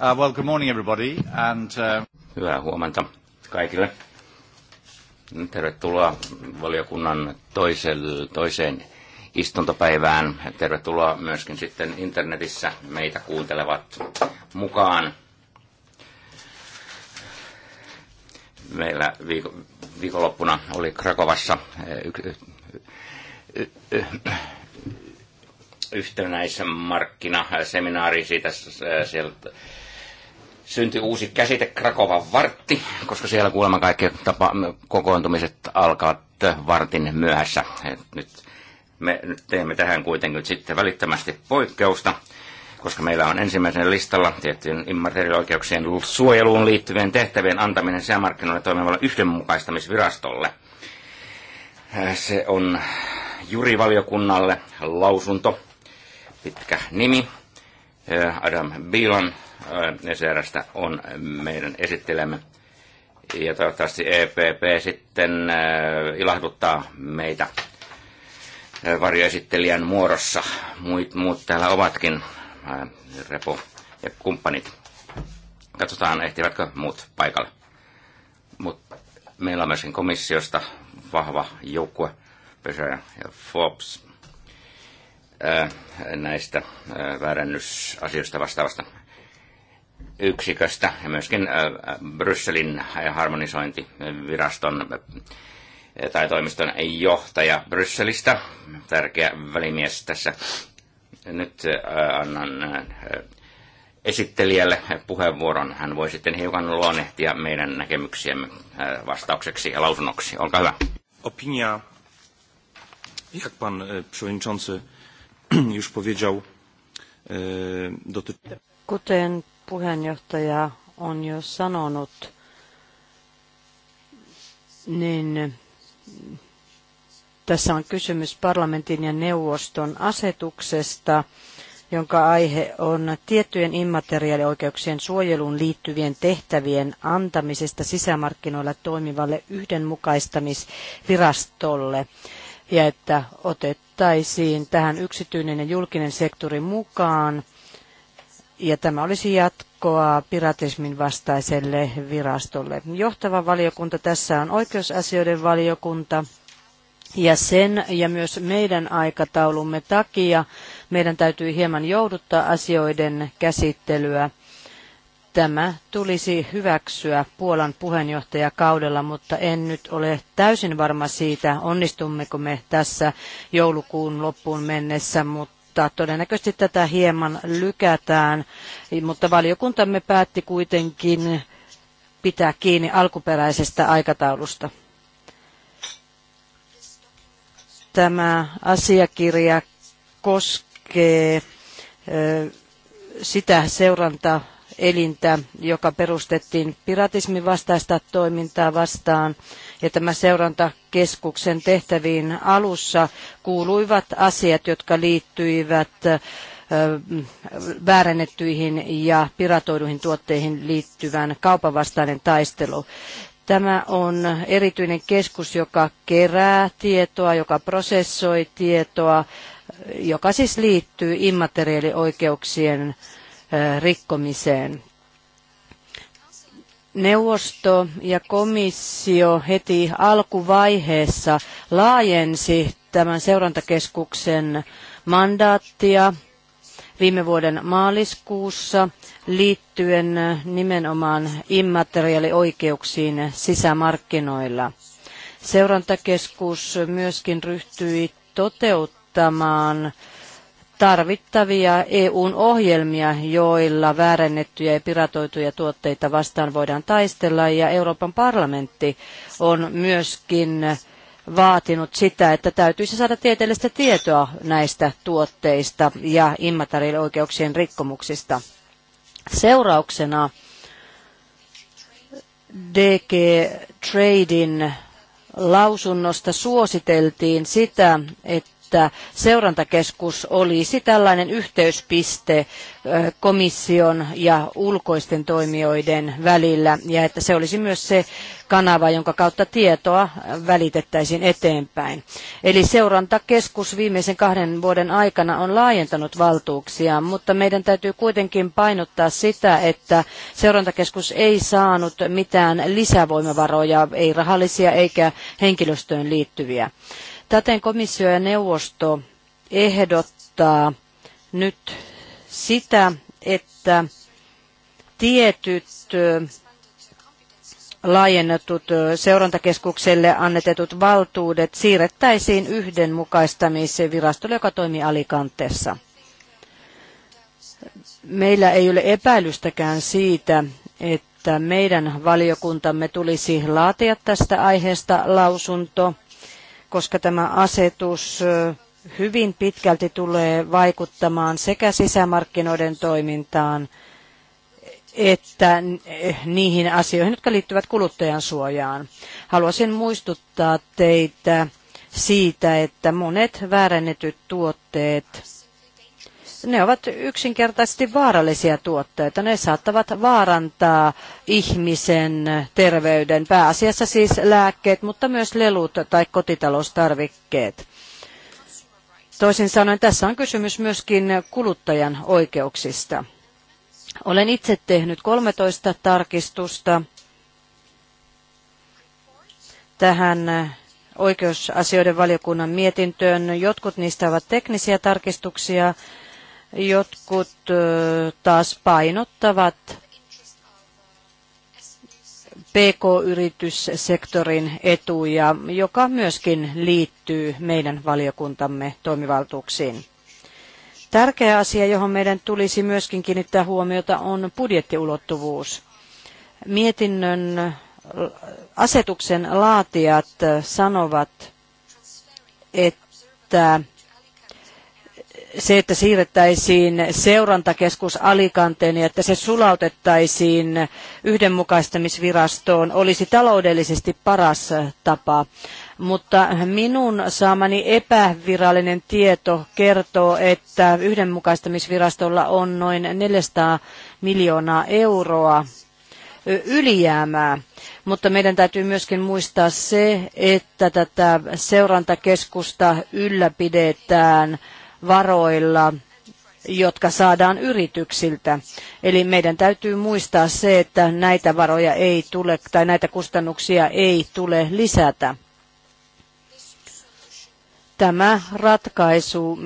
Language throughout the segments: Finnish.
Uh, well, good morning everybody and, uh, Hyvää huomenta kaikille. Mm, tervetuloa valiokunnan toiselle, toiseen istuntopäivään. Tervetuloa myöskin sitten internetissä meitä kuuntelevat mukaan. Meillä viikonloppuna oli Krakovassa eh, yhtenäismarkkinaseminaari. Siitä sieltä syntyi uusi käsite Krakovan vartti, koska siellä kuulemma kaikki tapa, kokoontumiset alkavat vartin myöhässä. nyt me nyt teemme tähän kuitenkin sitten välittömästi poikkeusta, koska meillä on ensimmäisen listalla tiettyjen immateriaalioikeuksien suojeluun liittyvien tehtävien antaminen sisämarkkinoille toimivalle yhdenmukaistamisvirastolle. Äh, se on jurivaliokunnalle lausunto pitkä nimi. Adam Bilan Neserästä on meidän esittelemme. Ja toivottavasti EPP sitten ilahduttaa meitä varjoesittelijän muodossa. Muut, muut täällä ovatkin, Repo ja kumppanit. Katsotaan, ehtivätkö muut paikalle. Mut meillä on myöskin komissiosta vahva joukkue, Pesä ja Forbes näistä väärännysasioista vastaavasta yksiköstä ja myöskin Brysselin harmonisointiviraston tai toimiston johtaja Brysselistä, tärkeä välimies tässä. Nyt annan esittelijälle puheenvuoron. Hän voi sitten hiukan luonnehtia meidän näkemyksiämme vastaukseksi ja lausunnoksi. Olkaa hyvä. Opinia, jak pan e, przewodniczący już powiedział, e, dotyczy... Kuten puheenjohtaja on jo sanonut, niin tässä on kysymys parlamentin ja neuvoston asetuksesta, jonka aihe on tiettyjen immateriaalioikeuksien suojeluun liittyvien tehtävien antamisesta sisämarkkinoilla toimivalle yhdenmukaistamisvirastolle ja että otettaisiin tähän yksityinen ja julkinen sektori mukaan. Ja tämä olisi jatkoa piratismin vastaiselle virastolle. Johtava valiokunta tässä on oikeusasioiden valiokunta. Ja sen ja myös meidän aikataulumme takia meidän täytyy hieman jouduttaa asioiden käsittelyä tämä tulisi hyväksyä Puolan puheenjohtajakaudella, mutta en nyt ole täysin varma siitä, onnistummeko me tässä joulukuun loppuun mennessä, mutta todennäköisesti tätä hieman lykätään. Mutta valiokuntamme päätti kuitenkin pitää kiinni alkuperäisestä aikataulusta. Tämä asiakirja koskee sitä seurantaa elintä, joka perustettiin piratismin vastaista toimintaa vastaan. Ja tämä seurantakeskuksen tehtäviin alussa kuuluivat asiat, jotka liittyivät väärennettyihin ja piratoiduihin tuotteihin liittyvän kaupan taistelu. Tämä on erityinen keskus, joka kerää tietoa, joka prosessoi tietoa, joka siis liittyy immateriaalioikeuksien rikkomiseen. Neuvosto ja komissio heti alkuvaiheessa laajensi tämän seurantakeskuksen mandaattia viime vuoden maaliskuussa liittyen nimenomaan immateriaalioikeuksiin sisämarkkinoilla. Seurantakeskus myöskin ryhtyi toteuttamaan tarvittavia EUn ohjelmia, joilla väärennettyjä ja piratoituja tuotteita vastaan voidaan taistella. Ja Euroopan parlamentti on myöskin vaatinut sitä, että täytyisi saada tieteellistä tietoa näistä tuotteista ja immateriaalioikeuksien rikkomuksista. Seurauksena DG Tradin lausunnosta suositeltiin sitä, että että seurantakeskus olisi tällainen yhteyspiste komission ja ulkoisten toimijoiden välillä ja että se olisi myös se kanava, jonka kautta tietoa välitettäisiin eteenpäin. Eli seurantakeskus viimeisen kahden vuoden aikana on laajentanut valtuuksia, mutta meidän täytyy kuitenkin painottaa sitä, että seurantakeskus ei saanut mitään lisävoimavaroja, ei rahallisia eikä henkilöstöön liittyviä. Täten komissio ja neuvosto ehdottaa nyt sitä, että tietyt laajennetut seurantakeskukselle annetetut valtuudet siirrettäisiin yhdenmukaistamiseen virastolle, joka toimii alikanteessa. Meillä ei ole epäilystäkään siitä, että meidän valiokuntamme tulisi laatia tästä aiheesta lausunto – koska tämä asetus hyvin pitkälti tulee vaikuttamaan sekä sisämarkkinoiden toimintaan että niihin asioihin, jotka liittyvät kuluttajan suojaan. Haluaisin muistuttaa teitä siitä, että monet väärennetyt tuotteet ne ovat yksinkertaisesti vaarallisia tuotteita. Ne saattavat vaarantaa ihmisen terveyden, pääasiassa siis lääkkeet, mutta myös lelut tai kotitaloustarvikkeet. Toisin sanoen tässä on kysymys myöskin kuluttajan oikeuksista. Olen itse tehnyt 13 tarkistusta tähän oikeusasioiden valiokunnan mietintöön. Jotkut niistä ovat teknisiä tarkistuksia, Jotkut taas painottavat PK-yrityssektorin etuja, joka myöskin liittyy meidän valiokuntamme toimivaltuuksiin. Tärkeä asia, johon meidän tulisi myöskin kiinnittää huomiota, on budjettiulottuvuus. Mietinnön asetuksen laatijat sanovat, että se, että siirrettäisiin seurantakeskus Alicanteen ja että se sulautettaisiin yhdenmukaistamisvirastoon, olisi taloudellisesti paras tapa. Mutta minun saamani epävirallinen tieto kertoo, että yhdenmukaistamisvirastolla on noin 400 miljoonaa euroa ylijäämää. Mutta meidän täytyy myöskin muistaa se, että tätä seurantakeskusta ylläpidetään – varoilla jotka saadaan yrityksiltä. Eli meidän täytyy muistaa se, että näitä varoja ei tule tai näitä kustannuksia ei tule lisätä. Tämä ratkaisu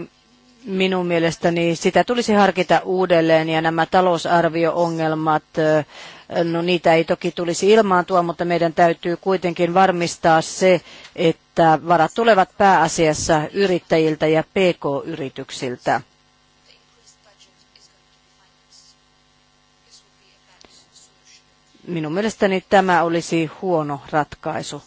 minun mielestäni sitä tulisi harkita uudelleen ja nämä talousarvioongelmat No niitä ei toki tulisi ilmaantua, mutta meidän täytyy kuitenkin varmistaa se, että varat tulevat pääasiassa yrittäjiltä ja pk-yrityksiltä. Minun mielestäni tämä olisi huono ratkaisu.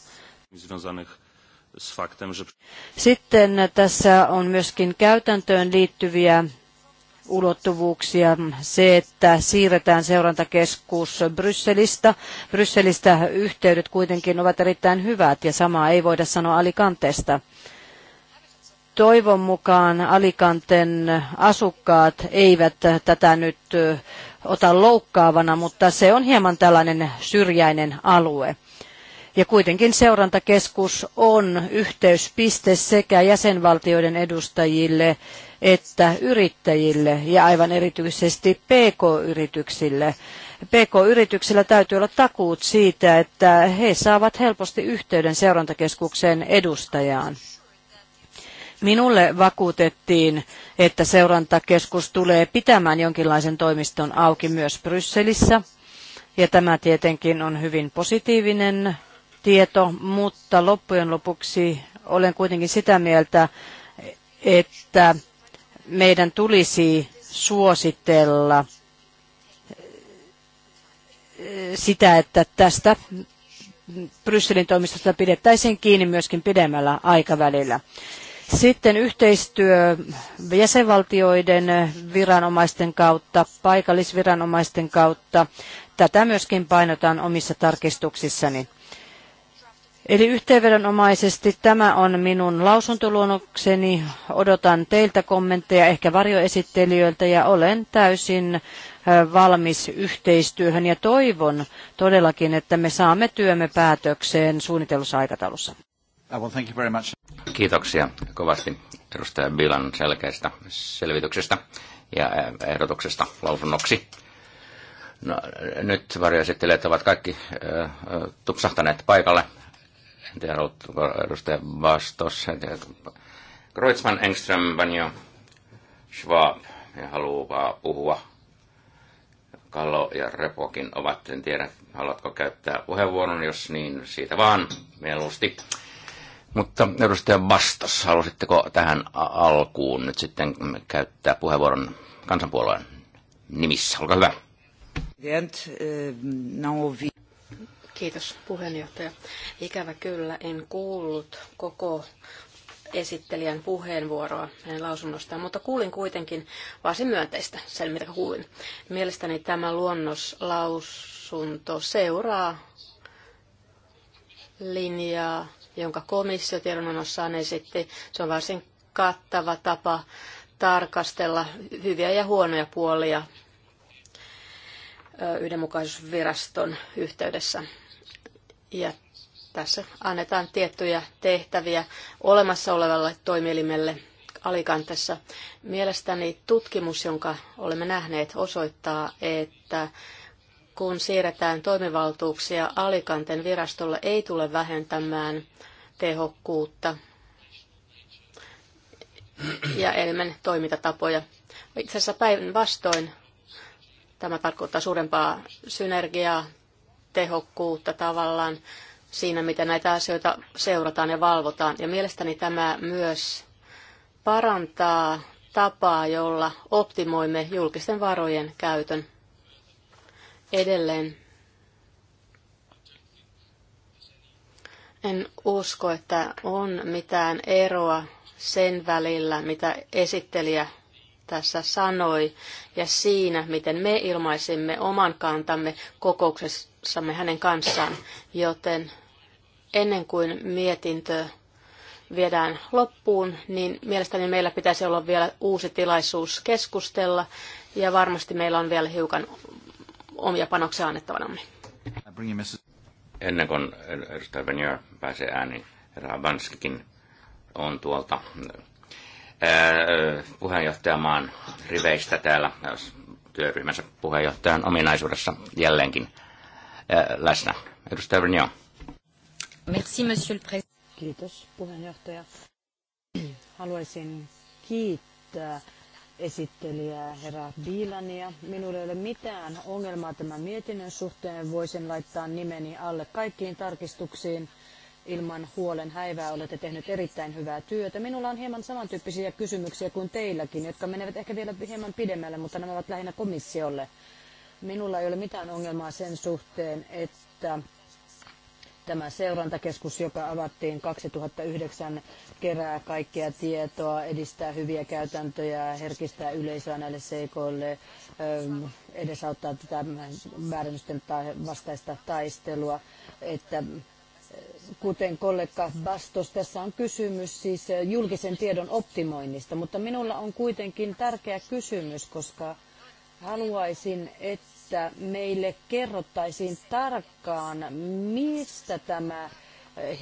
Sitten tässä on myöskin käytäntöön liittyviä ulottuvuuksia. Se, että siirretään seurantakeskus Brysselistä. Brysselistä yhteydet kuitenkin ovat erittäin hyvät ja samaa ei voida sanoa Alicanteesta. Toivon mukaan Alikanten asukkaat eivät tätä nyt ota loukkaavana, mutta se on hieman tällainen syrjäinen alue. Ja kuitenkin seurantakeskus on yhteyspiste sekä jäsenvaltioiden edustajille että yrittäjille ja aivan erityisesti PK-yrityksille. PK-yrityksillä täytyy olla takuut siitä, että he saavat helposti yhteyden seurantakeskuksen edustajaan. Minulle vakuutettiin, että seurantakeskus tulee pitämään jonkinlaisen toimiston auki myös Brysselissä. Ja tämä tietenkin on hyvin positiivinen tieto, mutta loppujen lopuksi olen kuitenkin sitä mieltä, että meidän tulisi suositella eh, sitä, että tästä Brysselin toimistosta pidettäisiin kiinni myöskin pidemmällä aikavälillä. Sitten yhteistyö jäsenvaltioiden viranomaisten kautta, paikallisviranomaisten kautta. Tätä myöskin painotan omissa tarkistuksissani. Eli yhteenvedonomaisesti tämä on minun lausuntoluonnokseni. Odotan teiltä kommentteja, ehkä varjoesittelijöiltä, ja olen täysin valmis yhteistyöhön ja toivon todellakin, että me saamme työmme päätökseen suunnitellussa aikataulussa. Uh, Kiitoksia kovasti edustaja Bilan selkeästä selvityksestä ja ehdotuksesta lausunnoksi. No, nyt varjoesittelijät ovat kaikki äh, tupsahtaneet paikalle tiedä haluatko edustaja Bastos, Kreutzmann, Engström, Banjo, Schwab, ja haluaa puhua. Kallo ja Repokin ovat, en tiedä, haluatko käyttää puheenvuoron, jos niin, siitä vaan, mieluusti. Mutta edustaja Bastos, halusitteko tähän alkuun nyt sitten käyttää puheenvuoron kansanpuolueen nimissä? Olkaa hyvä. Kiitos puheenjohtaja. Ikävä kyllä en kuullut koko esittelijän puheenvuoroa hänen lausunnostaan, mutta kuulin kuitenkin varsin myönteistä sen, mitä kuulin. Mielestäni tämä luonnoslausunto seuraa linjaa, jonka komissio tiedonannossaan esitti. Se on varsin kattava tapa tarkastella hyviä ja huonoja puolia yhdenmukaisuusviraston yhteydessä. Ja tässä annetaan tiettyjä tehtäviä olemassa olevalle toimielimelle alikantessa. Mielestäni tutkimus, jonka olemme nähneet, osoittaa, että kun siirretään toimivaltuuksia alikanten virastolle, ei tule vähentämään tehokkuutta ja elimen toimintatapoja. Itse asiassa päinvastoin tämä tarkoittaa suurempaa synergiaa, tehokkuutta tavallaan siinä, miten näitä asioita seurataan ja valvotaan. Ja mielestäni tämä myös parantaa tapaa, jolla optimoimme julkisten varojen käytön edelleen. En usko, että on mitään eroa sen välillä, mitä esittelijä tässä sanoi ja siinä, miten me ilmaisimme oman kantamme kokouksessamme hänen kanssaan. Joten ennen kuin mietintö viedään loppuun, niin mielestäni meillä pitäisi olla vielä uusi tilaisuus keskustella ja varmasti meillä on vielä hiukan omia panoksia annettavanamme. Ennen kuin edustaja Venier pääsee ääniin, herra Vanskikin on tuolta puheenjohtajamaan riveistä täällä äh, työryhmänsä puheenjohtajan ominaisuudessa jälleenkin läsnä. Edustaja Vignon. Merci, monsieur le président. Kiitos puheenjohtaja. Haluaisin kiittää esittelijää herra Biilania. Minulla ei ole mitään ongelmaa tämän mietinnön suhteen. Voisin laittaa nimeni alle kaikkiin tarkistuksiin ilman huolen häivää olette tehnyt erittäin hyvää työtä. Minulla on hieman samantyyppisiä kysymyksiä kuin teilläkin, jotka menevät ehkä vielä hieman pidemmälle, mutta nämä ovat lähinnä komissiolle. Minulla ei ole mitään ongelmaa sen suhteen, että tämä seurantakeskus, joka avattiin 2009, kerää kaikkea tietoa, edistää hyviä käytäntöjä, herkistää yleisöä näille seikoille, edesauttaa tätä väärennysten vastaista taistelua, että kuten kollega Bastos, tässä on kysymys siis eh, julkisen tiedon optimoinnista, mutta minulla on kuitenkin tärkeä kysymys, koska haluaisin, että meille kerrottaisiin tarkkaan, mistä tämä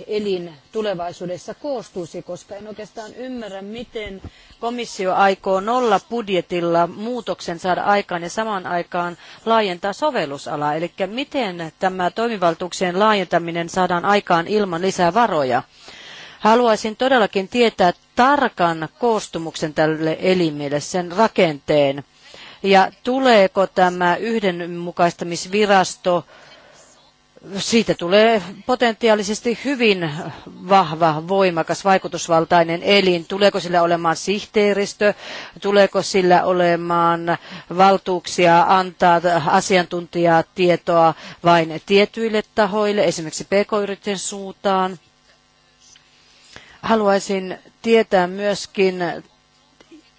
elin tulevaisuudessa koostuisi, koska en oikeastaan ymmärrä, miten komissio aikoo nolla budjetilla muutoksen saada aikaan ja samaan aikaan laajentaa sovellusalaa. Eli miten tämä toimivaltuuksien laajentaminen saadaan aikaan ilman lisää varoja? Haluaisin todellakin tietää tarkan koostumuksen tälle elimelle, sen rakenteen. Ja tuleeko tämä yhdenmukaistamisvirasto siitä tulee potentiaalisesti hyvin vahva, voimakas, vaikutusvaltainen elin. Tuleeko sillä olemaan sihteeristö, tuleeko sillä olemaan valtuuksia antaa asiantuntijatietoa tietoa vain tietyille tahoille, esimerkiksi pk-yritysten suuntaan. Haluaisin tietää myöskin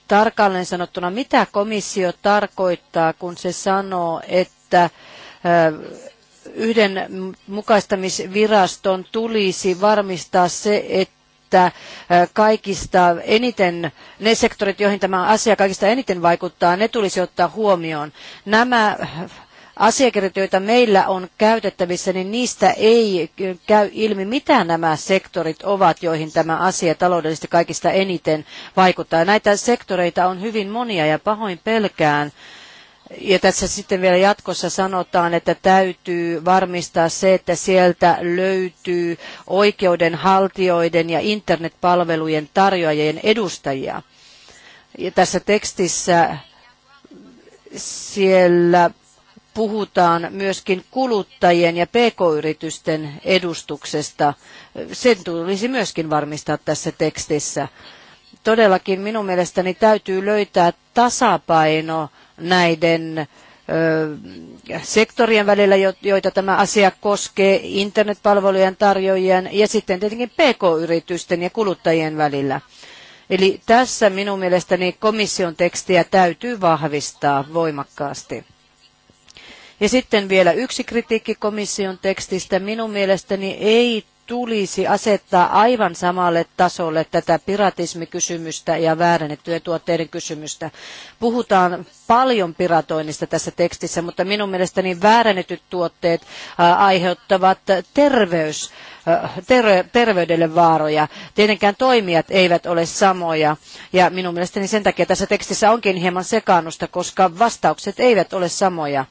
tarkalleen sanottuna, mitä komissio tarkoittaa, kun se sanoo, että yhdenmukaistamisviraston tulisi varmistaa se, että kaikista eniten, ne sektorit, joihin tämä asia kaikista eniten vaikuttaa, ne tulisi ottaa huomioon. Nämä asiakirjat, joita meillä on käytettävissä, niin niistä ei käy ilmi, mitä nämä sektorit ovat, joihin tämä asia taloudellisesti kaikista eniten vaikuttaa. Näitä sektoreita on hyvin monia ja pahoin pelkään, ja tässä sitten vielä jatkossa sanotaan, että täytyy varmistaa se, että sieltä löytyy oikeudenhaltijoiden ja internetpalvelujen tarjoajien edustajia. Ja tässä tekstissä siellä puhutaan myöskin kuluttajien ja pk-yritysten edustuksesta. Sen tulisi myöskin varmistaa tässä tekstissä. Todellakin minun mielestäni täytyy löytää tasapaino näiden sektorien välillä, joita tämä asia koskee, internetpalvelujen tarjoajien ja sitten tietenkin pk-yritysten ja kuluttajien välillä. Eli tässä minun mielestäni komission tekstiä täytyy vahvistaa voimakkaasti. Ja sitten vielä yksi kritiikki komission tekstistä. Minun mielestäni ei tulisi asettaa aivan samalle tasolle tätä piratismikysymystä ja väärennettyjen tuotteiden kysymystä. Puhutaan paljon piratoinnista tässä tekstissä, mutta minun mielestäni väärennetyt tuotteet äh, aiheuttavat terveys, äh, terve, terveydelle vaaroja. Tietenkään toimijat eivät ole samoja ja minun mielestäni sen takia tässä tekstissä onkin hieman sekaannusta, koska vastaukset eivät ole samoja.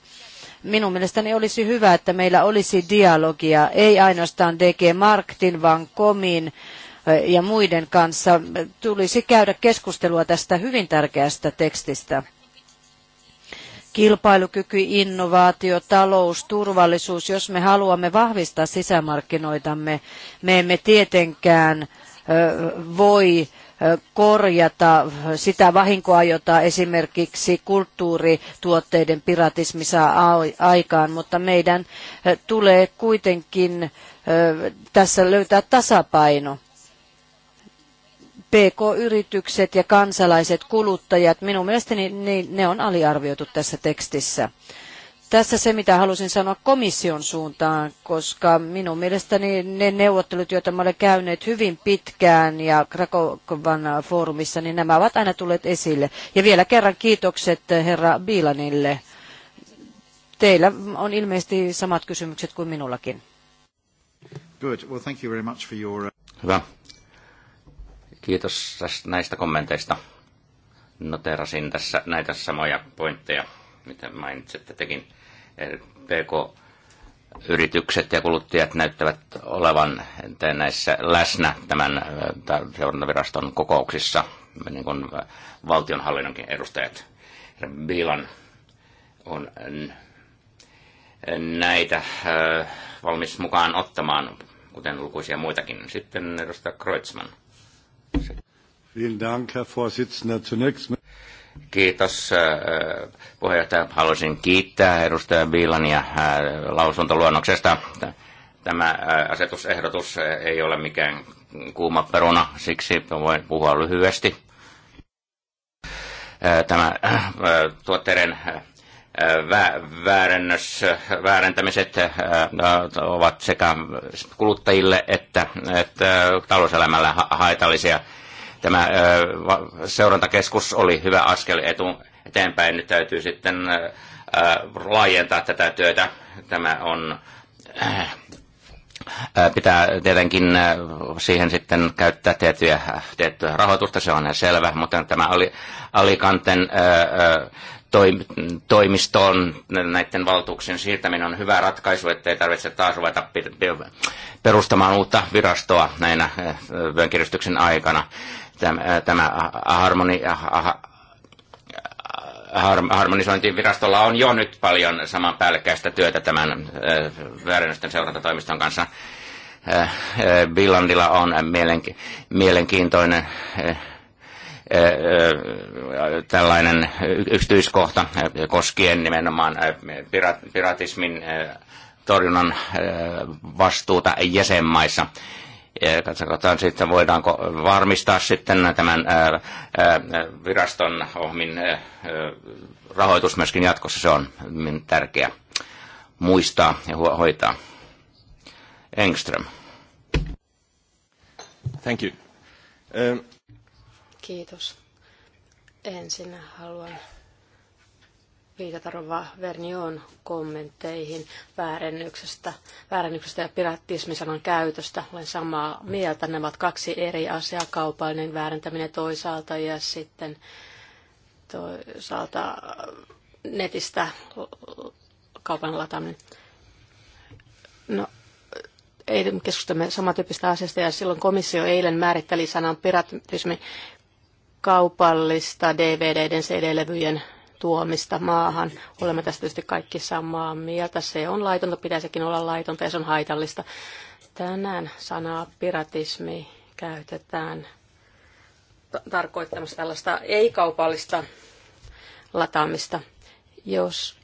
Minun mielestäni olisi hyvä, että meillä olisi dialogia, ei ainoastaan DG Marktin, vaan Komin ja muiden kanssa. Tulisi käydä keskustelua tästä hyvin tärkeästä tekstistä kilpailukyky, innovaatio, talous, turvallisuus, jos me haluamme vahvistaa sisämarkkinoitamme, me emme tietenkään voi korjata sitä vahinkoa, jota esimerkiksi kulttuurituotteiden piratismi saa aikaan, mutta meidän tulee kuitenkin tässä löytää tasapaino. PK-yritykset ja kansalaiset kuluttajat, minun mielestäni niin ne on aliarvioitu tässä tekstissä. Tässä se, mitä halusin sanoa komission suuntaan, koska minun mielestäni ne neuvottelut, joita me olemme käyneet hyvin pitkään ja Krakovan foorumissa, niin nämä ovat aina tulleet esille. Ja vielä kerran kiitokset herra Biilanille. Teillä on ilmeisesti samat kysymykset kuin minullakin. Good. Well, thank you very much for your... Uh, Hyvä. Kiitos näistä kommenteista. Noterasin tässä näitä samoja pointteja, mitä mainitsitte tekin. PK-yritykset ja kuluttajat näyttävät olevan näissä läsnä tämän äh, seurantaviraston kokouksissa, niin kuin valtionhallinnonkin edustajat. bilan on näitä äh, valmis mukaan ottamaan, kuten lukuisia muitakin. Sitten edustaja Kreutzmann. Vielen Dank, Herr Vorsitzender. Zunächst Kiitos äh, puheenjohtaja. Haluaisin kiittää edustaja Biilania äh, lausuntoluonnoksesta. Tämä äh, asetusehdotus ei ole mikään kuuma peruna, siksi voin puhua lyhyesti. Tämä tuotteiden väärennös, väärentämiset ovat sekä kuluttajille että, että talouselämällä haitallisia Tämä seurantakeskus oli hyvä askel etu, eteenpäin. Nyt täytyy sitten laajentaa tätä työtä. Tämä on pitää tietenkin siihen sitten käyttää tiettyä, tiettyä rahoitusta, se on selvä, mutta tämä oli Alikanten toimistoon näiden valtuuksien siirtäminen on hyvä ratkaisu, ettei tarvitse taas ruveta perustamaan uutta virastoa näinä vyönkiristyksen aikana tämä äh, harmoni, harmonisointivirastolla on jo nyt paljon saman päällekkäistä työtä tämän äh, väärennösten seurantatoimiston kanssa. Äh, Billandilla on mielenkiintoinen tällainen yksityiskohta koskien nimenomaan piratismin torjunnan vastuuta jäsenmaissa ja katsotaan sitten, voidaanko varmistaa sitten tämän viraston ohmin rahoitus myöskin jatkossa. Se on tärkeä muistaa ja hoitaa. Engström. Thank you. Um. Kiitos. Ensin haluan viitata Rova Vernion kommentteihin väärennyksestä, väärennyksestä ja piratismisanan käytöstä. Olen samaa mieltä. Nämä ovat kaksi eri asiaa, kaupallinen väärentäminen toisaalta ja sitten toisaalta netistä kaupan lataaminen. No, ei keskustelemme samantyyppistä asiasta ja silloin komissio eilen määritteli sanan piratismi kaupallista DVD-levyjen cd tuomista maahan. Olemme tästä tietysti kaikki samaa mieltä. Se on laitonta, pitäisikin olla laitonta ja se on haitallista. Tänään sanaa piratismi käytetään tarkoittamassa tällaista ei-kaupallista lataamista. Jos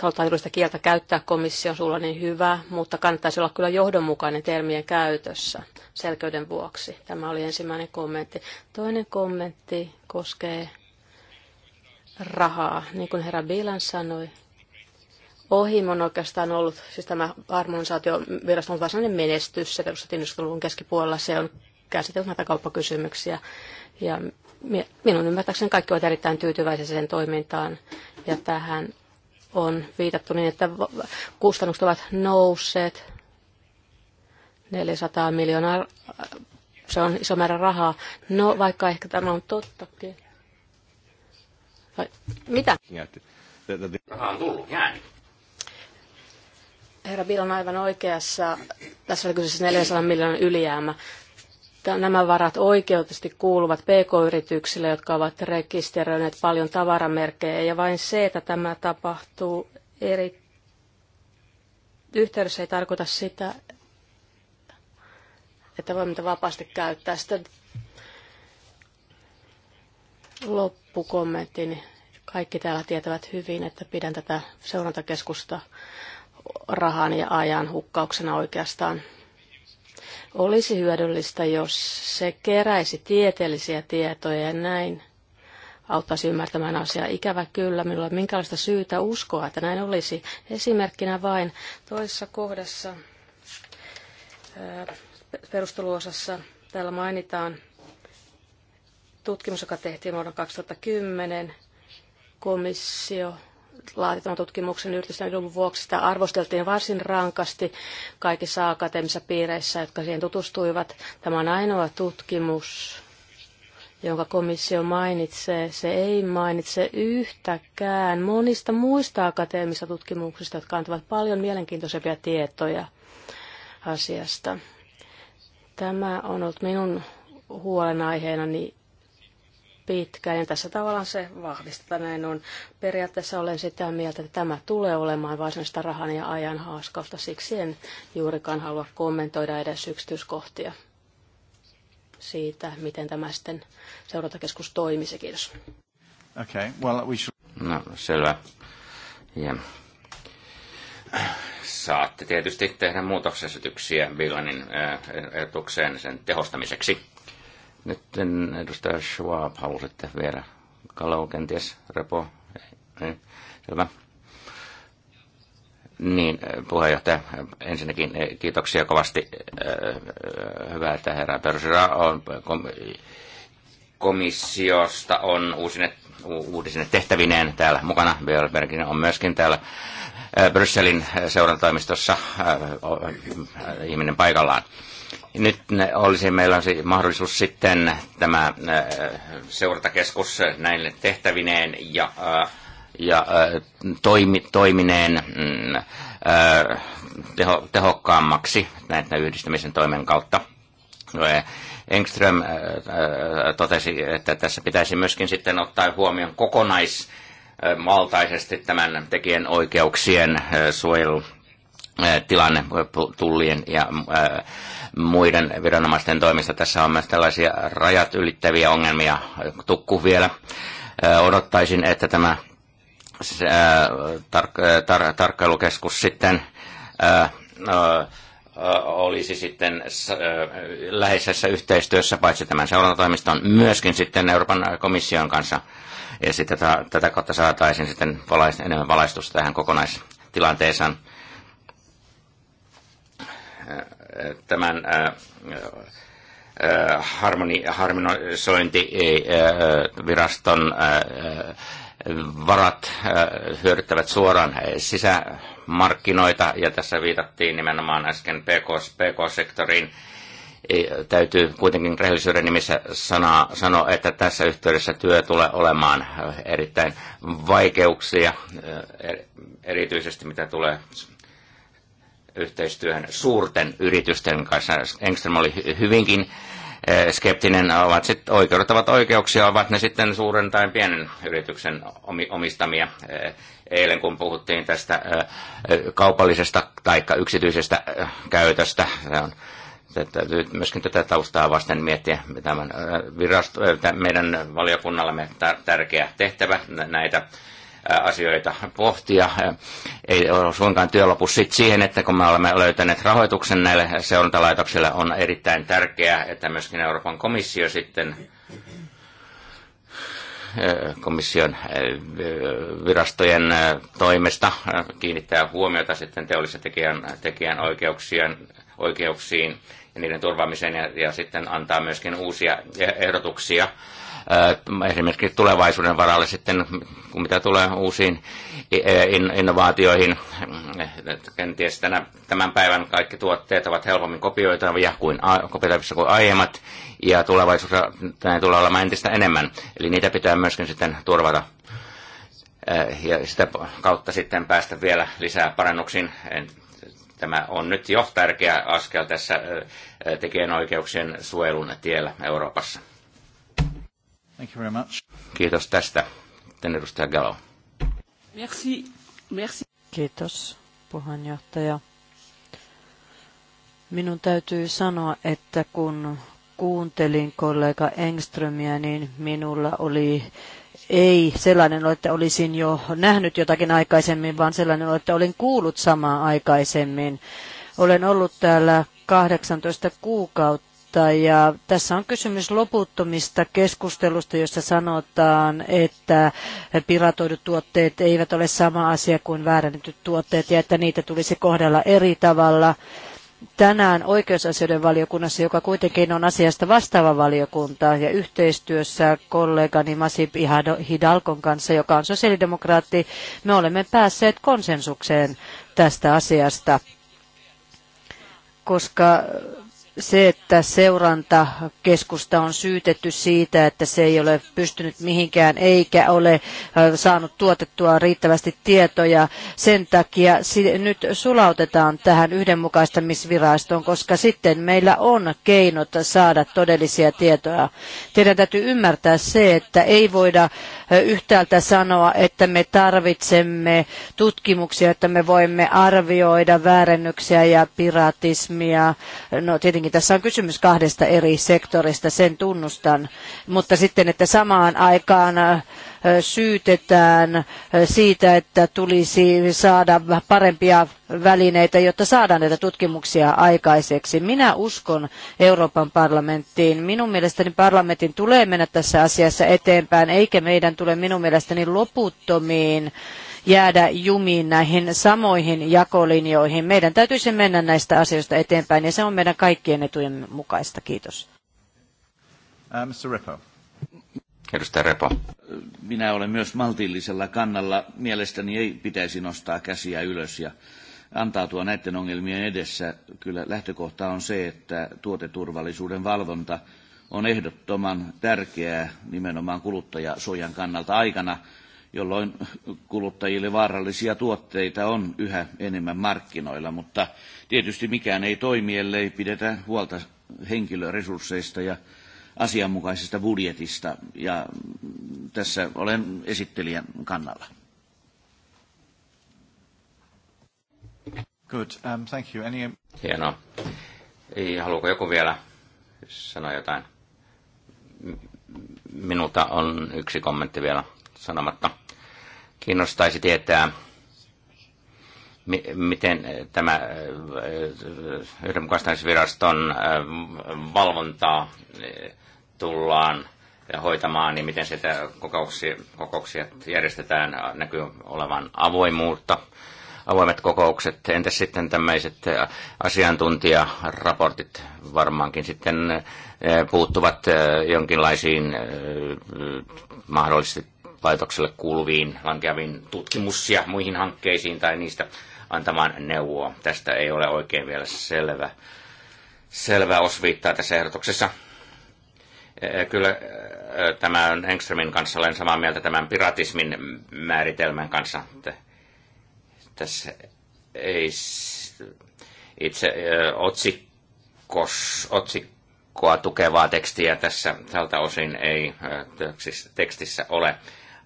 kaltaista kieltä käyttää komission sulla, niin hyvä, mutta kannattaisi olla kyllä johdonmukainen termien käytössä selkeyden vuoksi. Tämä oli ensimmäinen kommentti. Toinen kommentti koskee rahaa. Niin kuin herra Bilan sanoi, Ohim on oikeastaan ollut, siis tämä harmonisaatiovirasto on varsinainen menestys, se perustettiin luvun keskipuolella, se on käsitellyt näitä kauppakysymyksiä. Ja minun ymmärtääkseni kaikki ovat erittäin tyytyväisiä sen toimintaan ja tähän on viitattu niin, että kustannukset ovat nousseet 400 miljoonaa, se on iso määrä rahaa. No vaikka ehkä tämä on tottakin mitä? Rahaa on tullut, jäänyt. Herra Bill on aivan oikeassa. Tässä oli kyseessä 400 miljoonan ylijäämä. Nämä varat oikeutusti kuuluvat pk-yrityksille, jotka ovat rekisteröineet paljon tavaramerkkejä. Ja vain se, että tämä tapahtuu eri yhteydessä, ei tarkoita sitä, että voimme vapaasti käyttää. sitä loppukommenttini. Kaikki täällä tietävät hyvin, että pidän tätä seurantakeskusta rahan ja ajan hukkauksena oikeastaan. Olisi hyödyllistä, jos se keräisi tieteellisiä tietoja ja näin auttaisi ymmärtämään asiaa. Ikävä kyllä, minulla ei minkälaista syytä uskoa, että näin olisi. Esimerkkinä vain toisessa kohdassa perusteluosassa täällä mainitaan tutkimus, joka tehtiin vuonna 2010. Komissio laati tämän tutkimuksen yritysten edun vuoksi. Sitä arvosteltiin varsin rankasti kaikissa akateemisissa piireissä, jotka siihen tutustuivat. Tämä on ainoa tutkimus, jonka komissio mainitsee. Se ei mainitse yhtäkään monista muista akateemisista tutkimuksista, jotka antavat paljon mielenkiintoisempia tietoja asiasta. Tämä on ollut minun huolenaiheenani niin pitkään. Ja tässä tavallaan se vahvistetaan. Näin on. Periaatteessa olen sitä mieltä, että tämä tulee olemaan varsinaista rahan ja ajan haaskausta. Siksi en juurikaan halua kommentoida edes yksityiskohtia siitä, miten tämä sitten seurantakeskus toimisi. Kiitos. Okay, well, we should... No, selvä. Yeah. Saatte tietysti tehdä muutoksesityksiä Villanin äh, etukseen sen tehostamiseksi. Nyt edustaja Schwab halusitte vielä Kalau kenties repo. Niin, selvä. Niin, puheenjohtaja, ensinnäkin eh, kiitoksia kovasti. Eh, eh, hyvä, että herra Persira on komissiosta on uusine, uudisine tehtävineen täällä mukana. Björnbergin on myöskin täällä Brysselin seurantoimistossa ihminen paikallaan. Nyt olisi, meillä on mahdollisuus sitten tämä äh, seurantakeskus näille tehtävineen ja, äh, ja äh, toimi, toimineen mm, teho, tehokkaammaksi näitä yhdistämisen toimen kautta. Engström totesi, että tässä pitäisi myöskin sitten ottaa huomioon kokonaismaltaisesti tämän tekijän oikeuksien suojelu tilanne tullien ja muiden viranomaisten toimista. Tässä on myös tällaisia rajat ylittäviä ongelmia tukku vielä. Odottaisin, että tämä tar- tar- tarkkailukeskus sitten olisi sitten läheisessä yhteistyössä paitsi tämän seurantatoimiston myöskin sitten Euroopan komission kanssa. Ja sitten tätä kautta saataisiin sitten enemmän valaistusta tähän kokonaistilanteeseen tämän harmoni, harmonisointiviraston varat hyödyttävät suoraan sisämarkkinoita, ja tässä viitattiin nimenomaan äsken PK-sektoriin. Täytyy kuitenkin rehellisyyden nimissä sanoa, sanoa, että tässä yhteydessä työ tulee olemaan erittäin vaikeuksia, erityisesti mitä tulee yhteistyöhön suurten yritysten kanssa. Engström oli hyvinkin eh, skeptinen, ovat sitten oikeudet ovat oikeuksia, ovat ne sitten suuren tai pienen yrityksen omistamia. Eh, eilen kun puhuttiin tästä eh, kaupallisesta tai yksityisestä käytöstä, on täytyy myöskin tätä taustaa vasten miettiä tämän virasto, meidän valiokunnallamme tärkeä tehtävä näitä asioita pohtia. Ei ole suinkaan työlopu lopu sit siihen, että kun me olemme löytäneet rahoituksen näille seurantalaitoksille, on erittäin tärkeää, että myöskin Euroopan komissio sitten eh, komission eh, virastojen eh, toimesta kiinnittää huomiota sitten teollisen tekijän, tekijän oikeuksien, oikeuksiin ja niiden turvaamiseen ja, ja sitten antaa myöskin uusia ehdotuksia esimerkiksi tulevaisuuden varalle sitten, kun mitä tulee uusiin e, innovaatioihin. Kenties tänä, tämän päivän kaikki tuotteet ovat helpommin kopioitavia kuin, kopioitavissa kuin aiemmat, ja tulevaisuudessa tämä tulee olemaan entistä enemmän. Eli niitä pitää myöskin sitten turvata ja sitä kautta sitten päästä vielä lisää parannuksiin. Tämä on nyt jo tärkeä askel tässä tekijänoikeuksien suojelun tiellä Euroopassa. Thank you very much. Kiitos tästä. Sitten edustaja Galo. Merci. Merci. Kiitos puheenjohtaja. Minun täytyy sanoa, että kun kuuntelin kollega Engströmiä, niin minulla oli ei sellainen ole, että olisin jo nähnyt jotakin aikaisemmin, vaan sellainen ole, että olin kuullut samaa aikaisemmin. Olen ollut täällä 18 kuukautta kautta. Ja tässä on kysymys loputtomista keskustelusta, jossa sanotaan, että piratoidut tuotteet eivät ole sama asia kuin väärännetyt tuotteet ja että niitä tulisi kohdella eri tavalla tänään oikeusasioiden valiokunnassa, joka kuitenkin on asiasta vastaava valiokunta ja yhteistyössä kollegani Masip Hidalkon kanssa, joka on sosiaalidemokraatti, me olemme päässeet konsensukseen tästä asiasta, koska se, että seurantakeskusta on syytetty siitä, että se ei ole pystynyt mihinkään eikä ole äh, saanut tuotettua riittävästi tietoja, sen takia nyt sulautetaan tähän yhdenmukaistamisvirastoon, koska sitten meillä on keinot saada todellisia tietoja. Teidän täytyy ymmärtää se, että ei voida yhtäältä sanoa, että me tarvitsemme tutkimuksia, että me voimme arvioida väärennyksiä ja piratismia. No tietenkin tässä on kysymys kahdesta eri sektorista, sen tunnustan. Mutta sitten, että samaan aikaan syytetään siitä, että tulisi saada parempia välineitä, jotta saadaan näitä tutkimuksia aikaiseksi. Minä uskon Euroopan parlamenttiin. Minun mielestäni parlamentin tulee mennä tässä asiassa eteenpäin, eikä meidän tule minun mielestäni loputtomiin jäädä jumiin näihin samoihin jakolinjoihin. Meidän täytyisi mennä näistä asioista eteenpäin ja se on meidän kaikkien etujen mukaista. Kiitos. Uh, Mr. Rippo. Edustaja Repo. Minä olen myös maltillisella kannalla. Mielestäni ei pitäisi nostaa käsiä ylös ja antautua näiden ongelmien edessä. Kyllä lähtökohta on se, että tuoteturvallisuuden valvonta on ehdottoman tärkeää nimenomaan kuluttajasuojan kannalta aikana, jolloin kuluttajille vaarallisia tuotteita on yhä enemmän markkinoilla, mutta tietysti mikään ei toimi, ellei pidetä huolta henkilöresursseista ja asianmukaisesta budjetista ja tässä olen esittelijän kannalla. Good. Um, thank you. Any... Hienoa. Ei, haluaako joku vielä sanoa jotain? Minulta on yksi kommentti vielä sanomatta. Kiinnostaisi tietää, miten tämä äh, yhdenmukaistamisviraston äh, valvontaa äh, tullaan hoitamaan, niin miten sitä kokouksia, kokouksia järjestetään, näkyy olevan avoimuutta, avoimet kokoukset, Entä sitten tämmöiset asiantuntijaraportit varmaankin sitten puuttuvat jonkinlaisiin mahdollisesti laitokselle kuuluviin lankeaviin tutkimus- ja muihin hankkeisiin tai niistä antamaan neuvoa. Tästä ei ole oikein vielä selvä, selvä osviittaa tässä ehdotuksessa. Kyllä tämä on Engströmin kanssa, olen samaa mieltä tämän piratismin määritelmän kanssa. Tässä ei itse otsikkos, otsikkoa tukevaa tekstiä tässä tältä osin ei tekstissä ole.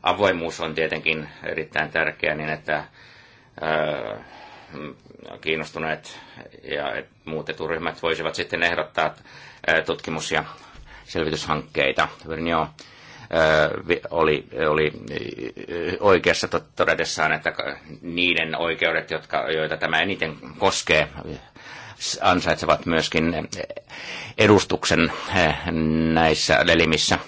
Avoimuus on tietenkin erittäin tärkeää niin, että Mm, kiinnostuneet ja muut eturyhmät voisivat sitten ehdottaa tutkimus- ja selvityshankkeita. Vernio oli, oli oikeassa todetessaan, että niiden oikeudet, jotka, joita tämä eniten koskee, ansaitsevat myöskin edustuksen näissä lelimissä.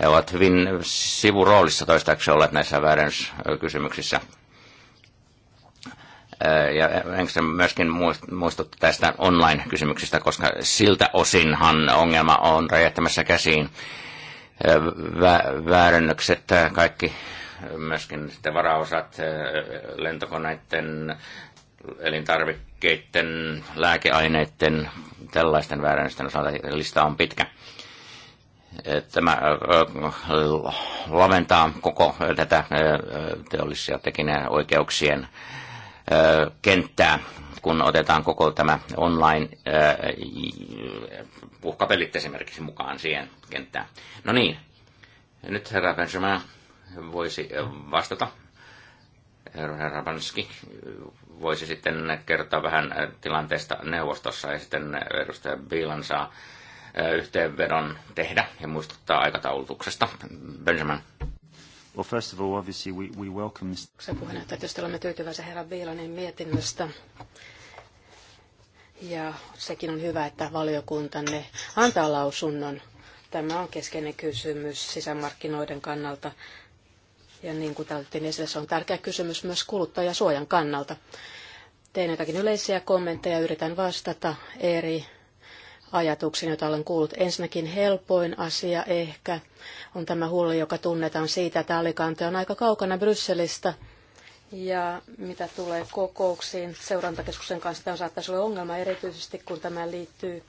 He ovat hyvin sivuroolissa toistaiseksi olleet näissä väärennyskysymyksissä. kysymyksissä Äh, ja Engström myöskin muistutti tästä online-kysymyksestä, koska siltä osinhan ongelma on räjähtämässä käsiin. Äh, vä- väärennökset, äh, kaikki myöskin sitten varaosat lentokoneiden, elintarvikkeiden, lääkeaineiden, tällaisten väärennösten osalta lista on pitkä. Tämä laventaa koko tätä teollisia tekinä oikeuksien kenttää, kun otetaan koko tämä online puhkapelit esimerkiksi mukaan siihen kenttään. No niin, nyt herra Benjamin voisi vastata. Herra Banski voisi sitten kertoa vähän tilanteesta neuvostossa ja sitten edustaja Biilan saa yhteenvedon tehdä ja muistuttaa aikataulutuksesta. Benjamin. Well, first of all, obviously we, we welcome... Puheenjohtaja, tietysti olemme tyytyväisiä herra Viilanen mietinnöstä. Ja sekin on hyvä, että valiokuntanne antaa lausunnon. Tämä on keskeinen kysymys sisämarkkinoiden kannalta. Ja niin kuin täällä esille, se on tärkeä kysymys myös kuluttajasuojan kannalta. Tein jotakin yleisiä kommentteja, yritän vastata eri ajatuksen, jota olen kuullut. Ensinnäkin helpoin asia ehkä on tämä hulli, joka tunnetaan siitä, että Alicante on aika kaukana Brysselistä. Ja mitä tulee kokouksiin seurantakeskuksen kanssa, tämä saattaisi olla ongelma erityisesti, kun tämä liittyy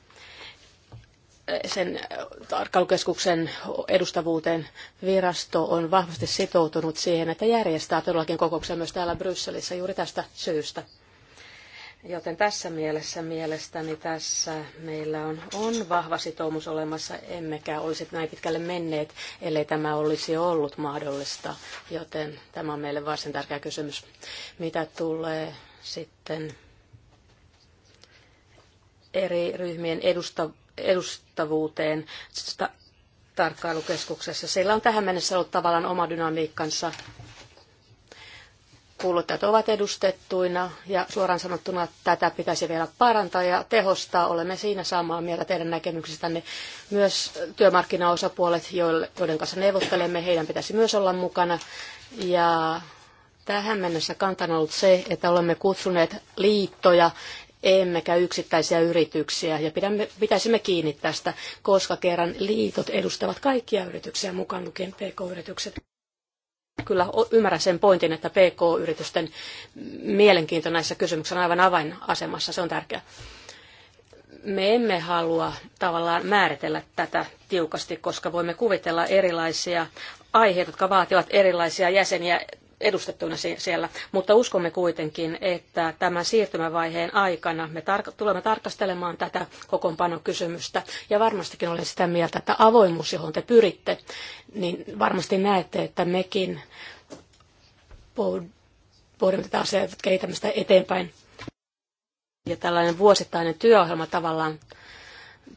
eh, sen eh, tarkkailukeskuksen edustavuuteen virasto on vahvasti sitoutunut siihen, että järjestää todellakin kokouksia myös täällä Brysselissä juuri tästä syystä. Joten tässä mielessä mielestäni tässä meillä on, on vahva sitoumus olemassa, emmekä olisi näin pitkälle menneet, ellei tämä olisi ollut mahdollista. Joten tämä on meille varsin tärkeä kysymys. Mitä tulee sitten eri ryhmien edusta, edustavuuteen tarkkailukeskuksessa. Sillä on tähän mennessä ollut tavallaan oma dynamiikkansa kuluttajat ovat edustettuina ja suoraan sanottuna tätä pitäisi vielä parantaa ja tehostaa. Olemme siinä samaa mieltä teidän näkemyksistänne. Myös työmarkkinaosapuolet, joiden kanssa neuvottelemme, heidän pitäisi myös olla mukana. Ja tähän mennessä kanta on ollut se, että olemme kutsuneet liittoja emmekä yksittäisiä yrityksiä ja pidämme, pitäisimme kiinni tästä, koska kerran liitot edustavat kaikkia yrityksiä, mukaan lukien pk-yritykset kyllä ymmärrän sen pointin, että PK-yritysten mielenkiinto näissä kysymyksissä on aivan avainasemassa, se on tärkeää. Me emme halua tavallaan määritellä tätä tiukasti, koska voimme kuvitella erilaisia aiheita, jotka vaativat erilaisia jäseniä edustettuina siellä. Mutta uskomme kuitenkin, että tämän siirtymävaiheen aikana me tar- tulemme tarkastelemaan tätä kokoonpanokysymystä. Ja varmastikin olen sitä mieltä, että avoimuus, johon te pyritte, niin varmasti näette, että mekin pohdimme tätä asiaa kehitämistä eteenpäin. Ja tällainen vuosittainen työohjelma tavallaan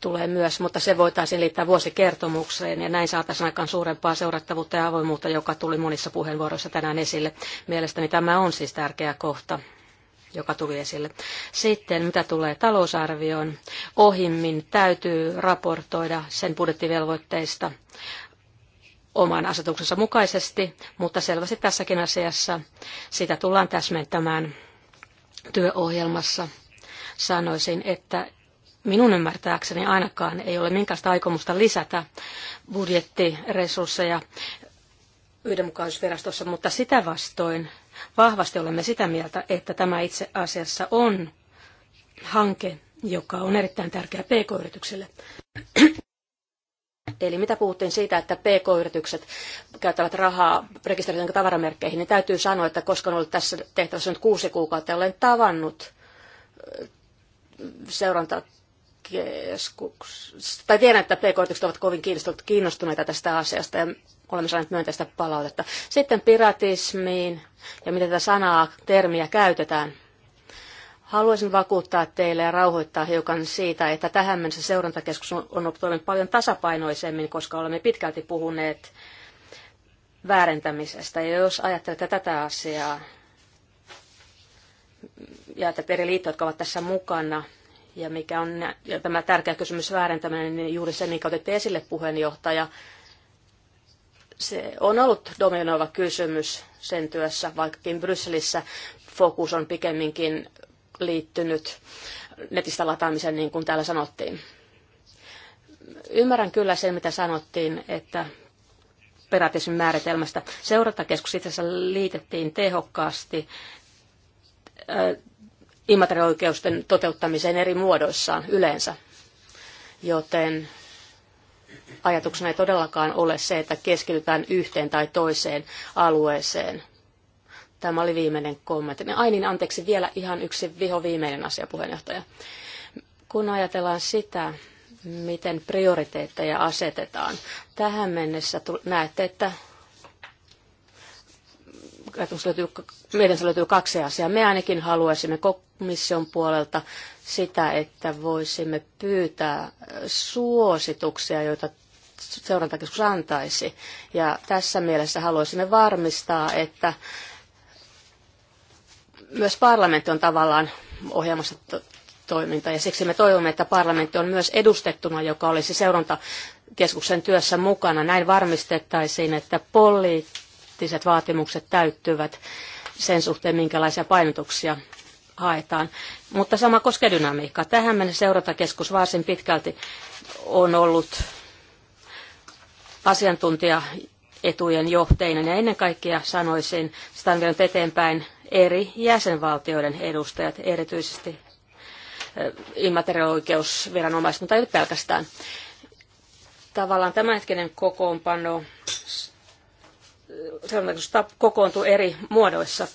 tulee myös, mutta se voitaisiin liittää vuosikertomukseen ja näin saataisiin aikaan suurempaa seurattavuutta ja avoimuutta, joka tuli monissa puheenvuoroissa tänään esille. Mielestäni tämä on siis tärkeä kohta joka tuli esille. Sitten mitä tulee talousarvioon, ohimmin täytyy raportoida sen budjettivelvoitteista oman asetuksensa mukaisesti, mutta selvästi tässäkin asiassa sitä tullaan täsmentämään työohjelmassa. Sanoisin, että minun ymmärtääkseni ainakaan ei ole minkäänlaista aikomusta lisätä budjettiresursseja yhdenmukaisuusvirastossa, mutta sitä vastoin vahvasti olemme sitä mieltä, että tämä itse asiassa on hanke, joka on erittäin tärkeä pk-yrityksille. Eli mitä puhuttiin siitä, että PK-yritykset käyttävät rahaa rekisteröityjen tavaramerkkeihin, niin täytyy sanoa, että koska olen ollut tässä tehtävässä nyt kuusi kuukautta ja olen tavannut seuranta keskuks... tai tiedän, että pk ovat kovin kiinnostuneita tästä asiasta ja olemme saaneet myönteistä palautetta. Sitten piratismiin ja miten tätä sanaa, termiä käytetään. Haluaisin vakuuttaa teille ja rauhoittaa hiukan siitä, että tähän mennessä seurantakeskus on ollut toiminut paljon tasapainoisemmin, koska olemme pitkälti puhuneet väärentämisestä. Ja jos ajattelette tätä asiaa ja että eri liittoja, jotka ovat tässä mukana, ja mikä on ja tämä tärkeä kysymys väärentäminen, niin juuri se, minkä otettiin esille puheenjohtaja, se on ollut dominoiva kysymys sen työssä, vaikkakin Brysselissä fokus on pikemminkin liittynyt netistä lataamiseen, niin kuin täällä sanottiin. Ymmärrän kyllä sen, mitä sanottiin, että perätismin määritelmästä. Seurantakeskus itse asiassa liitettiin tehokkaasti immateriaalioikeusten toteuttamiseen eri muodoissaan yleensä. Joten ajatuksena ei todellakaan ole se, että keskitytään yhteen tai toiseen alueeseen. Tämä oli viimeinen kommentti. Ai niin, anteeksi, vielä ihan yksi viho viimeinen asia, puheenjohtaja. Kun ajatellaan sitä, miten prioriteetteja asetetaan, tähän mennessä näette, että löytyy, meidän löytyy kaksi asiaa. Me ainakin haluaisimme komission puolelta sitä, että voisimme pyytää suosituksia, joita seurantakeskus antaisi. Ja tässä mielessä haluaisimme varmistaa, että myös parlamentti on tavallaan to- toiminta. Ja siksi me toivomme, että parlamentti on myös edustettuna, joka olisi seurantakeskuksen työssä mukana. Näin varmistettaisiin, että poliittinen poliittiset vaatimukset täyttyvät sen suhteen, minkälaisia painotuksia haetaan. Mutta sama koskee dynamiikkaa. Tähän mennessä seurantakeskus varsin pitkälti on ollut asiantuntijaetujen johteinen ja ennen kaikkea sanoisin, sitä on vienyt eteenpäin eri jäsenvaltioiden edustajat, erityisesti immateriaalioikeusviranomaiset, mutta ei pelkästään. Tavallaan tämänhetkinen kokoonpano kokoontuu eri muodoissa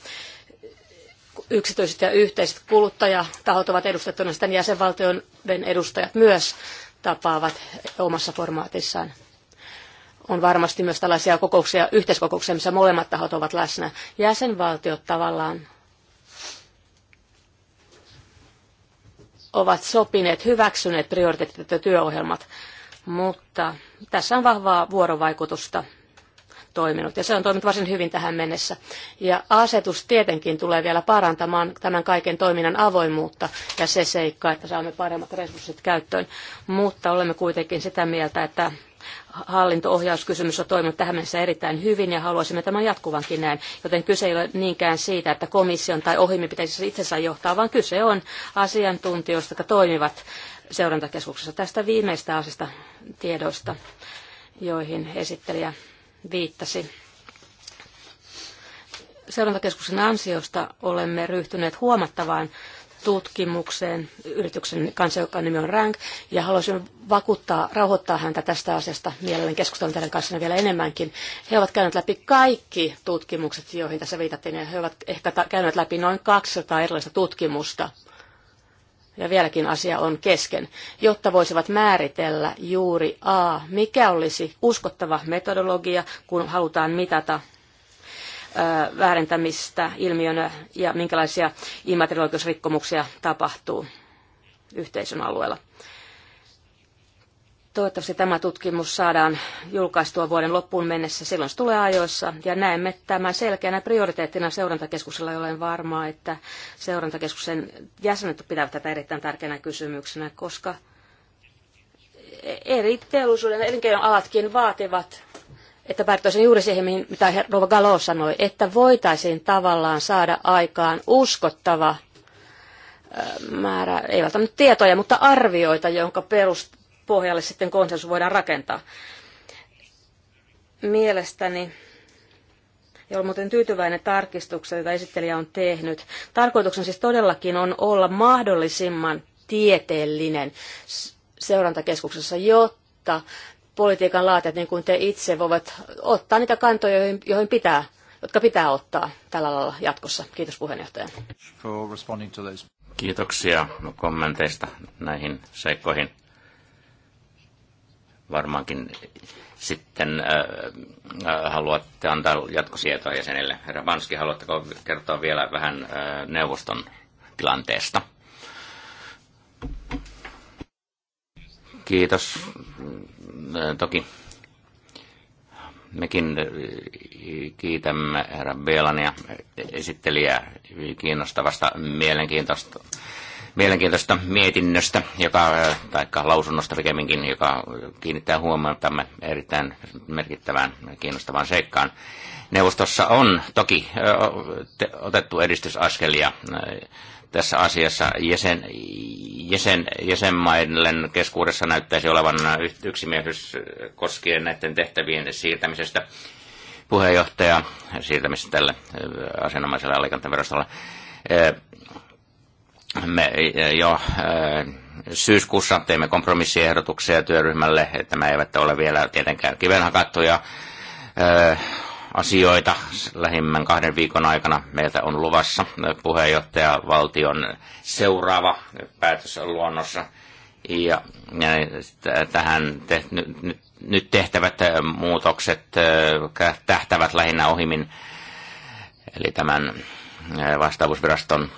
yksityiset ja yhteiset kuluttajatahot ovat edustettuna, sitten jäsenvaltioiden edustajat myös tapaavat omassa formaatissaan. On varmasti myös tällaisia kokouksia, yhteiskokouksia, missä molemmat tahot ovat läsnä. Jäsenvaltiot tavallaan ovat sopineet, hyväksyneet prioriteetit ja työohjelmat, mutta tässä on vahvaa vuorovaikutusta – toiminut, ja se on toiminut varsin hyvin tähän mennessä. Ja asetus tietenkin tulee vielä parantamaan tämän kaiken toiminnan avoimuutta ja se seikka, että saamme paremmat resurssit käyttöön. Mutta olemme kuitenkin sitä mieltä, että hallinto-ohjauskysymys on toiminut tähän mennessä erittäin hyvin ja haluaisimme tämän jatkuvankin näin. Joten kyse ei ole niinkään siitä, että komission tai ohjelmi pitäisi itsensä johtaa, vaan kyse on asiantuntijoista, jotka toimivat seurantakeskuksessa tästä viimeistä asiasta tiedoista, joihin esittelijä viittasi. Seurantakeskuksen ansiosta olemme ryhtyneet huomattavaan tutkimukseen yrityksen kanssa, joka nimi on Rank, ja haluaisin vakuuttaa, rauhoittaa häntä tästä asiasta. Mielelläni keskustelen teidän kanssanne vielä enemmänkin. He ovat käyneet läpi kaikki tutkimukset, joihin tässä viitattiin, ja he ovat ehkä käyneet läpi noin 200 erilaista tutkimusta ja vieläkin asia on kesken, jotta voisivat määritellä juuri A, mikä olisi uskottava metodologia, kun halutaan mitata väärentämistä ilmiönä ja minkälaisia immateriaalioikeusrikkomuksia tapahtuu yhteisön alueella. Toivottavasti tämä tutkimus saadaan julkaistua vuoden loppuun mennessä, silloin se tulee ajoissa, ja näemme tämän selkeänä prioriteettina seurantakeskuksella, jolla olen varma, että seurantakeskuksen jäsenet pitävät tätä erittäin tärkeänä kysymyksenä, koska eri teollisuuden ja elinkeinon alatkin vaativat, että päättäisin juuri siihen, mitä Rova Galo sanoi, että voitaisiin tavallaan saada aikaan uskottava määrä, ei välttämättä tietoja, mutta arvioita, jonka perust, pohjalle sitten konsensus voidaan rakentaa. Mielestäni ja olen muuten tyytyväinen tarkistukseen, jota esittelijä on tehnyt. tarkoituksen siis todellakin on olla mahdollisimman tieteellinen seurantakeskuksessa, jotta politiikan laatijat, niin kuin te itse, voivat ottaa niitä kantoja, joihin pitää, jotka pitää ottaa tällä lailla jatkossa. Kiitos puheenjohtaja. Kiitoksia kommenteista näihin seikkoihin varmaankin sitten äh, äh haluatte antaa jatkosietoa jäsenille. Herra Vanski, haluatteko kertoa vielä vähän äh, neuvoston tilanteesta? Kiitos. Äh, toki mekin äh, kiitämme herra Bielania esittelijää kiinnostavasta, mielenkiintoista mielenkiintoista mietinnöstä, joka, tai lausunnosta pikemminkin, joka kiinnittää huomiotamme erittäin merkittävään kiinnostavaan seikkaan. Neuvostossa on toki otettu edistysaskelia tässä asiassa. Jäsen, jäsen, jäsenmaiden keskuudessa näyttäisi olevan yksimielisyys koskien näiden tehtävien siirtämisestä puheenjohtaja siirtämisestä tälle asianomaiselle alikantaverostolle me e, jo e, syyskuussa teimme kompromissiehdotuksia työryhmälle. että Nämä eivät ole vielä tietenkään kivenhakattuja e, asioita lähimmän kahden viikon aikana meiltä on luvassa puheenjohtaja valtion seuraava päätösluonnossa. Ja, ja tähän te, nyt, nyt tehtävät muutokset tähtävät lähinnä ohimin, eli tämän vastaavuusviraston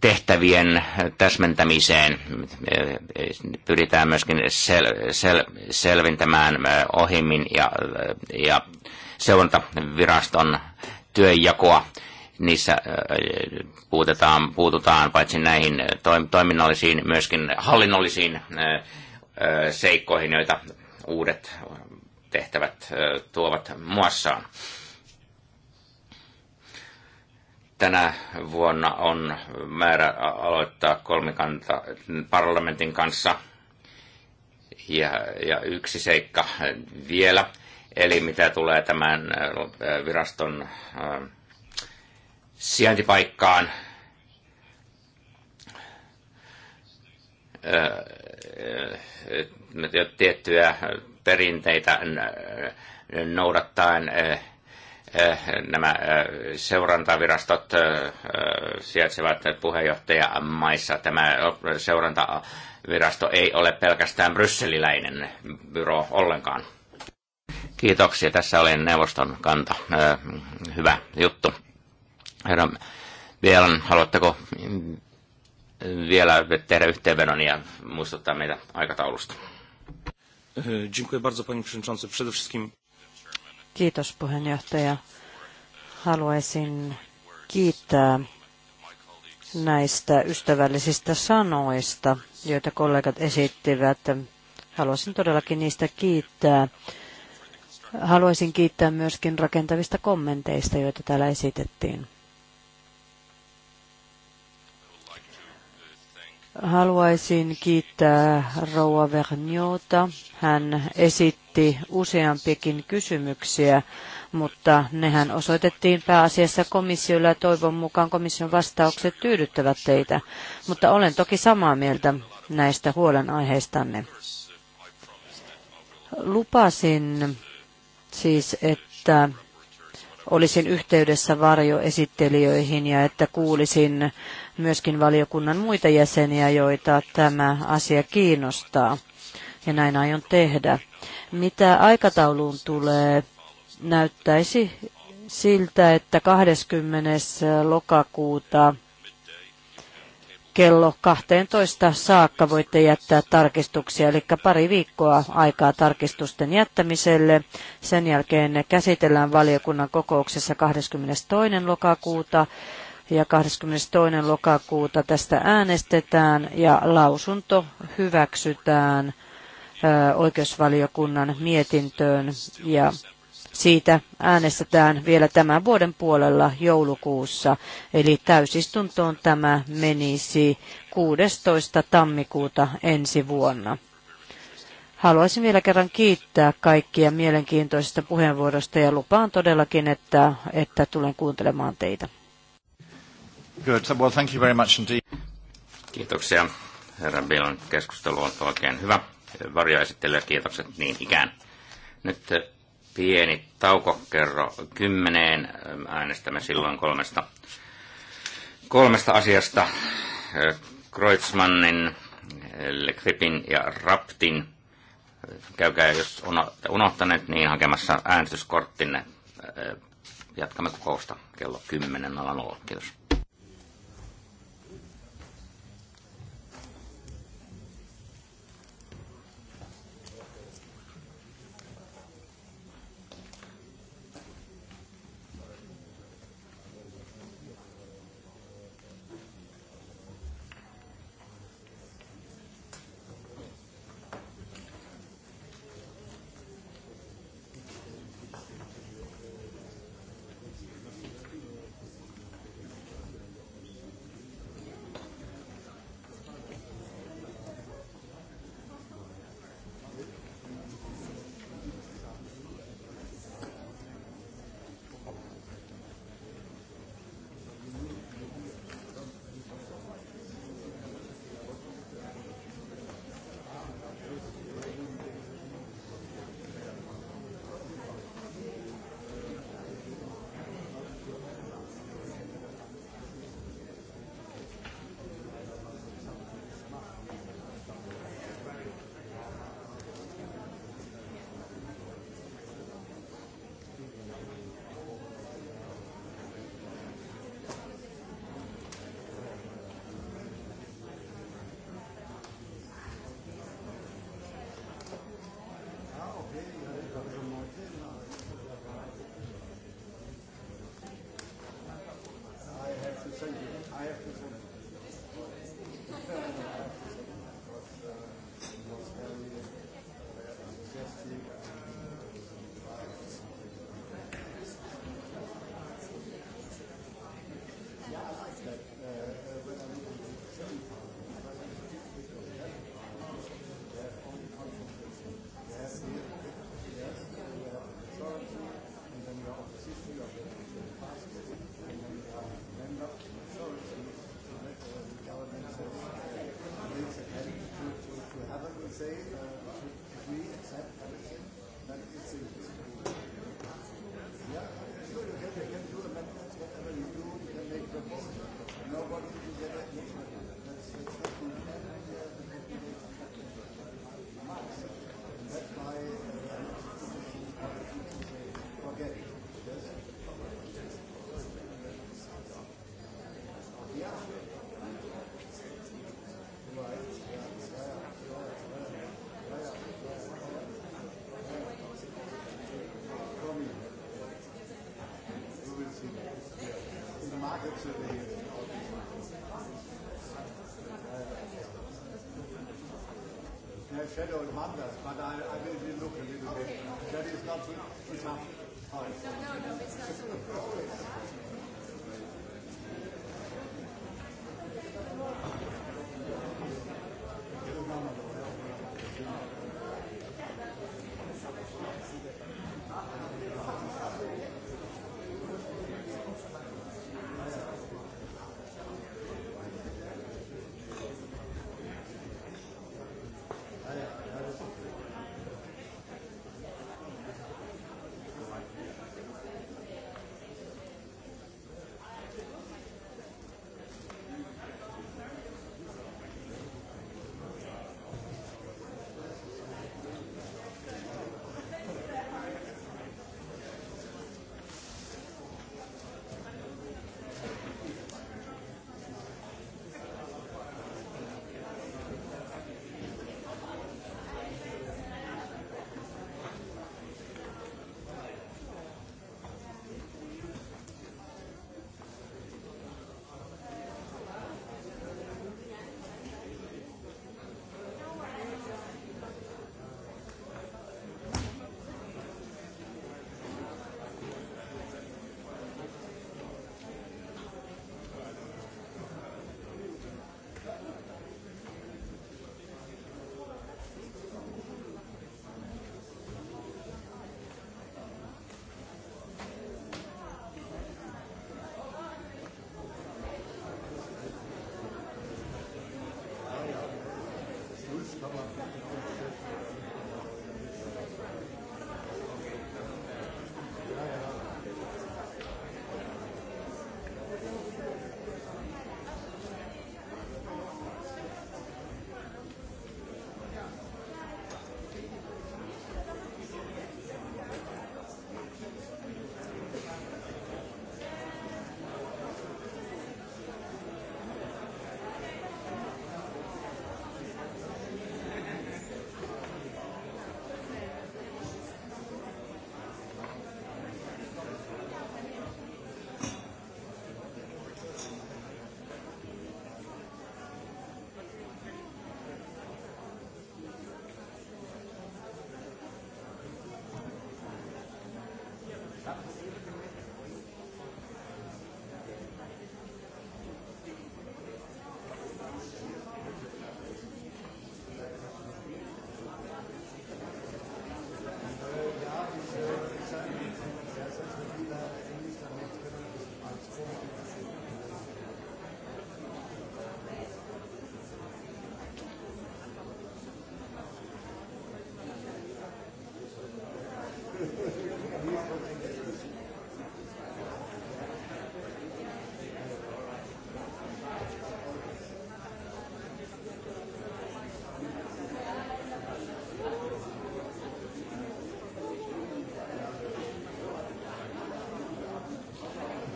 tehtävien täsmentämiseen pyritään myöskin sel, sel, selvintämään ohimmin ja, ja seurantaviraston työnjakoa. Niissä puutetaan, puututaan paitsi näihin toiminnallisiin, myöskin hallinnollisiin seikkoihin, joita uudet tehtävät tuovat muassaan tänä vuonna on määrä aloittaa kolmikanta parlamentin kanssa. Ja, ja yksi seikka vielä, eli mitä tulee tämän viraston sijaintipaikkaan, tiettyjä perinteitä noudattaen Eh, nämä eh, seurantavirastot eh, sijaitsevat puheenjohtajamaissa. Tämä seurantavirasto ei ole pelkästään brysseliläinen byro ollenkaan. Kiitoksia. Tässä oli neuvoston kanta. Hyvä juttu. Herra vielä haluatteko mm, vielä tehdä yhteenvedon ja muistuttaa meitä aikataulusta? Dziękuję bardzo panie przewodniczący. Przede wszystkim Kiitos puheenjohtaja. Haluaisin kiittää näistä ystävällisistä sanoista, joita kollegat esittivät. Haluaisin todellakin niistä kiittää. Haluaisin kiittää myöskin rakentavista kommenteista, joita täällä esitettiin. Haluaisin kiittää Rouva Verniota. Hän esitti esitti useampiakin kysymyksiä, mutta nehän osoitettiin pääasiassa komissiolle ja toivon mukaan komission vastaukset tyydyttävät teitä. Mutta olen toki samaa mieltä näistä huolenaiheistanne. Lupasin siis, että olisin yhteydessä varjoesittelijöihin ja että kuulisin myöskin valiokunnan muita jäseniä, joita tämä asia kiinnostaa. Ja näin aion tehdä. Mitä aikatauluun tulee, näyttäisi siltä, että 20. lokakuuta kello 12 saakka voitte jättää tarkistuksia, eli pari viikkoa aikaa tarkistusten jättämiselle. Sen jälkeen ne käsitellään valiokunnan kokouksessa 22. lokakuuta ja 22. lokakuuta tästä äänestetään ja lausunto hyväksytään – oikeusvaliokunnan mietintöön ja siitä äänestetään vielä tämän vuoden puolella joulukuussa, eli täysistuntoon tämä menisi 16. tammikuuta ensi vuonna. Haluaisin vielä kerran kiittää kaikkia mielenkiintoisista puheenvuoroista ja lupaan todellakin, että, että tulen kuuntelemaan teitä. Good. Well, thank you very much indeed. Kiitoksia. Herra Bilon keskustelu on oikein hyvä varjoesittelyä. Kiitokset niin ikään. Nyt pieni tauko kerro kymmeneen. Äänestämme silloin kolmesta, kolmesta asiasta. Kreutzmannin, Kripin ja Raptin. Käykää, jos unohtaneet, niin hakemassa äänestyskorttinne. Jatkamme kokousta kello 10.00. Kiitos. shadow is Mandas, but I, I will look a little okay, bit. Okay. That is not enough. No, no, no, it's not so.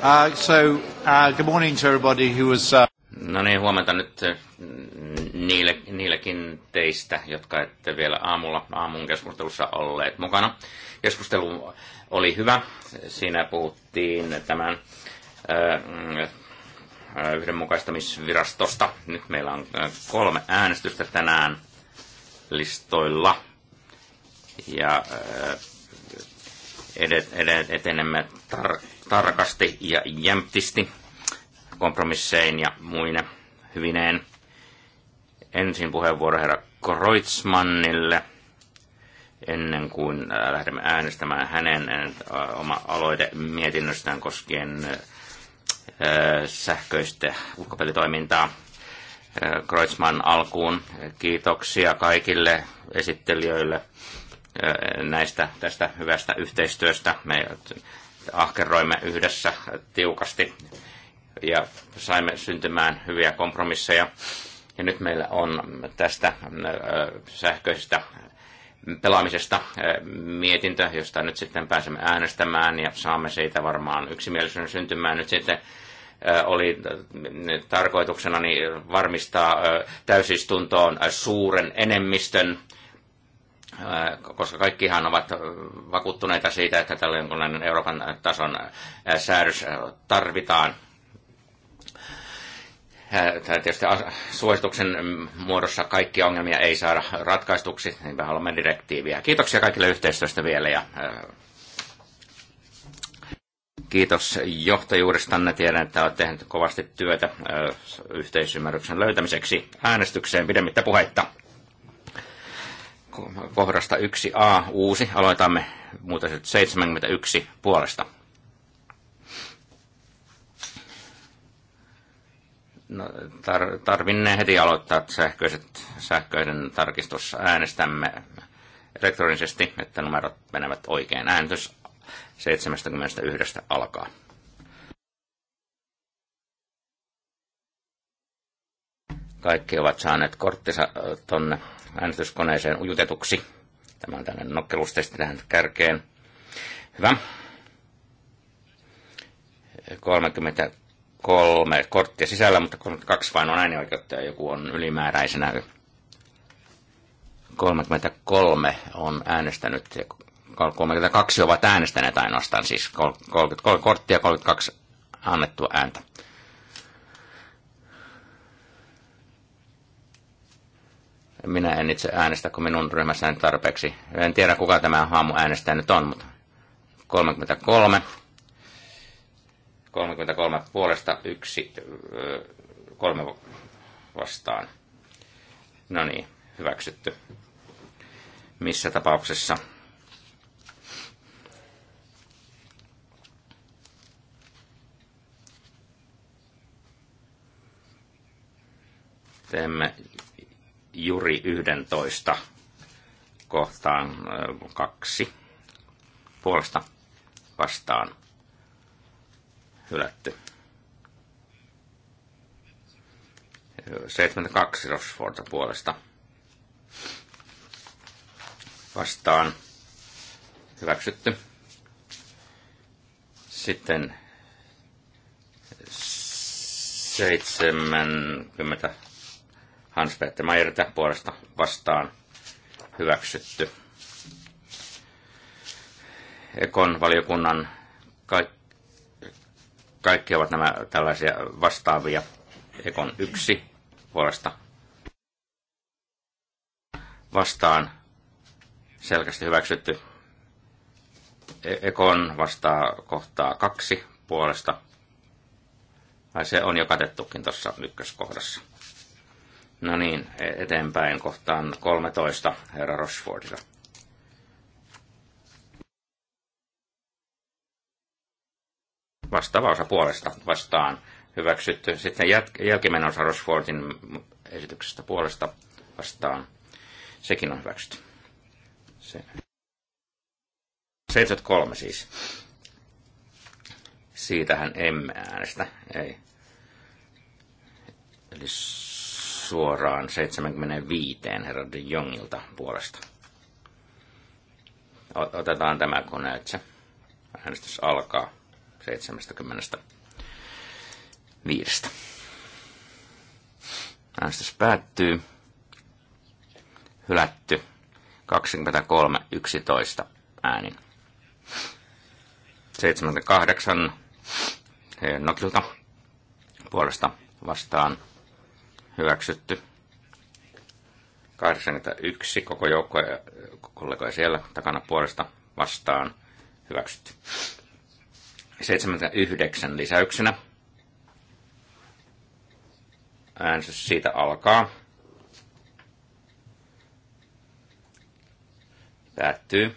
Uh, so, uh, good morning to everybody who was... Uh... No niin, huomenta nyt äh, niille, niillekin teistä, jotka ette vielä aamulla, aamun keskustelussa olleet mukana. Keskustelu oli hyvä. Siinä puhuttiin tämän äh, äh yhdenmukaistamisvirastosta. Nyt meillä on äh, kolme äänestystä tänään listoilla. Ja äh, edet, edet, etenemme tarkkaan tarkasti ja jämptisti kompromissein ja muine hyvineen. Ensin puheenvuoro herra Kreutzmannille ennen kuin äh, lähdemme äänestämään hänen äh, oma aloite mietinnöstään koskien äh, sähköistä uhkapelitoimintaa. Kreutzmann alkuun kiitoksia kaikille esittelijöille näistä tästä hyvästä yhteistyöstä. Me ahkeroimme yhdessä tiukasti ja saimme syntymään hyviä kompromisseja. Ja nyt meillä on tästä äh, sähköisestä pelaamisesta äh, mietintö, josta nyt sitten pääsemme äänestämään ja saamme siitä varmaan yksimielisyyden syntymään nyt sitten äh, oli tarkoituksena niin varmistaa täysistuntoon suuren enemmistön koska kaikkihan ovat vakuuttuneita siitä, että tällainen jonkunlainen Euroopan tason säädös tarvitaan. tietysti suosituksen muodossa kaikkia ongelmia ei saada ratkaistuksi, niin me haluamme direktiiviä. Kiitoksia kaikille yhteistyöstä vielä ja kiitos johtajuudestanne. Tiedän, että olet tehnyt kovasti työtä yhteisymmärryksen löytämiseksi äänestykseen pidemmittä puheitta kohdasta 1a uusi. Aloitamme muuten 71 puolesta. No, tar- tarvinne heti aloittaa sähköiset, sähköinen tarkistus. Äänestämme elektronisesti, että numerot menevät oikein. Äänestys 71 alkaa. Kaikki ovat saaneet korttinsa äh, tuonne äänestyskoneeseen ujutetuksi. Tämä on tällainen nokkelustesti tähän kärkeen. Hyvä. 33 korttia sisällä, mutta 32 vain on äänioikeutta ja joku on ylimääräisenä. 33 on äänestänyt ja 32 ovat äänestäneet ainoastaan, siis 33 korttia 32 annettua ääntä. Minä en itse äänestä, kun minun ryhmässäni tarpeeksi. En tiedä, kuka tämä haamu äänestää nyt on, mutta 33. 33 puolesta, yksi, kolme vastaan. No niin, hyväksytty. Missä tapauksessa? Teemme Juri 11 kohtaan kaksi puolesta vastaan hylätty. 72 Rosforta puolesta vastaan hyväksytty. Sitten 70 Hans-Peter Mayertä puolesta vastaan hyväksytty. Ekon valiokunnan kaikki, kaikki ovat nämä tällaisia vastaavia. Ekon yksi puolesta vastaan selkeästi hyväksytty. E- Ekon vastaa kohtaa kaksi puolesta. Vai se on jo katettukin tuossa ykköskohdassa. No niin, e- eteenpäin kohtaan 13 herra Rosfordilla. Vastaava osa puolesta vastaan hyväksytty. Sitten jälkimmäinen osa Rochfordin esityksestä puolesta vastaan. Sekin on hyväksytty. Se. 73 siis. Siitähän emme äänestä. Ei. Eli suoraan 75 herra de Jongilta puolesta. Otetaan tämä kone, että se Äänestys alkaa 75. Äänestys päättyy. Hylätty. 23.11 äänin. 78 Nokilta puolesta vastaan hyväksytty. 81 koko joukko ja kollegoja siellä takana puolesta vastaan hyväksytty. 79 lisäyksenä. Äänestys siitä alkaa. Päättyy.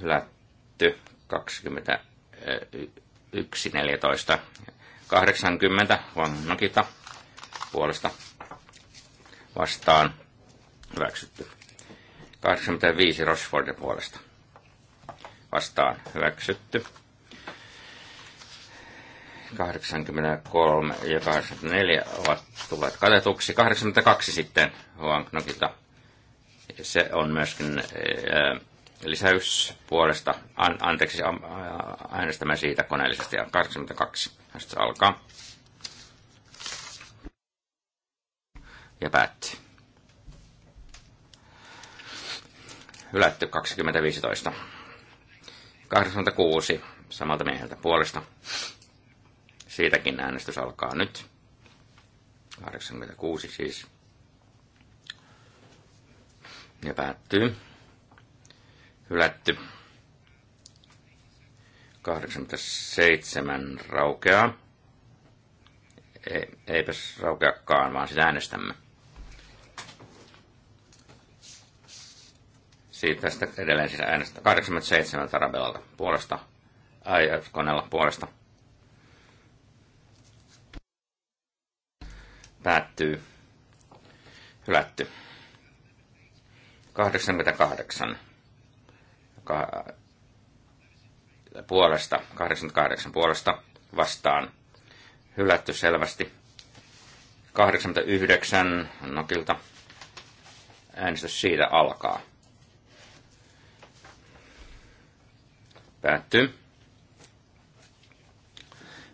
Hylätty 21.14 80 vannakita puolesta vastaan hyväksytty. 85 Rosfordin puolesta vastaan hyväksytty. 83 ja 84 ovat tulleet katetuksi. 82 sitten Huang Nokita Se on myöskin ää, eh, lisäys puolesta, an, anteeksi, äänestämme siitä koneellisesti, 82, äänestys alkaa. Ja päättyy. Hylätty 2015. 86 samalta mieheltä puolesta. Siitäkin äänestys alkaa nyt. 86 siis. Ja päättyy hylätty. 87 raukeaa. Ei, eipäs raukeakaan, vaan sitä äänestämme. Siitä tästä edelleen siis äänestä. 87 Tarabelalta puolesta. Ai, äh, koneella puolesta. Päättyy. Hylätty. 88 ka- puolesta, 88 puolesta vastaan hylätty selvästi. 89 Nokilta äänestys siitä alkaa. Päättyy.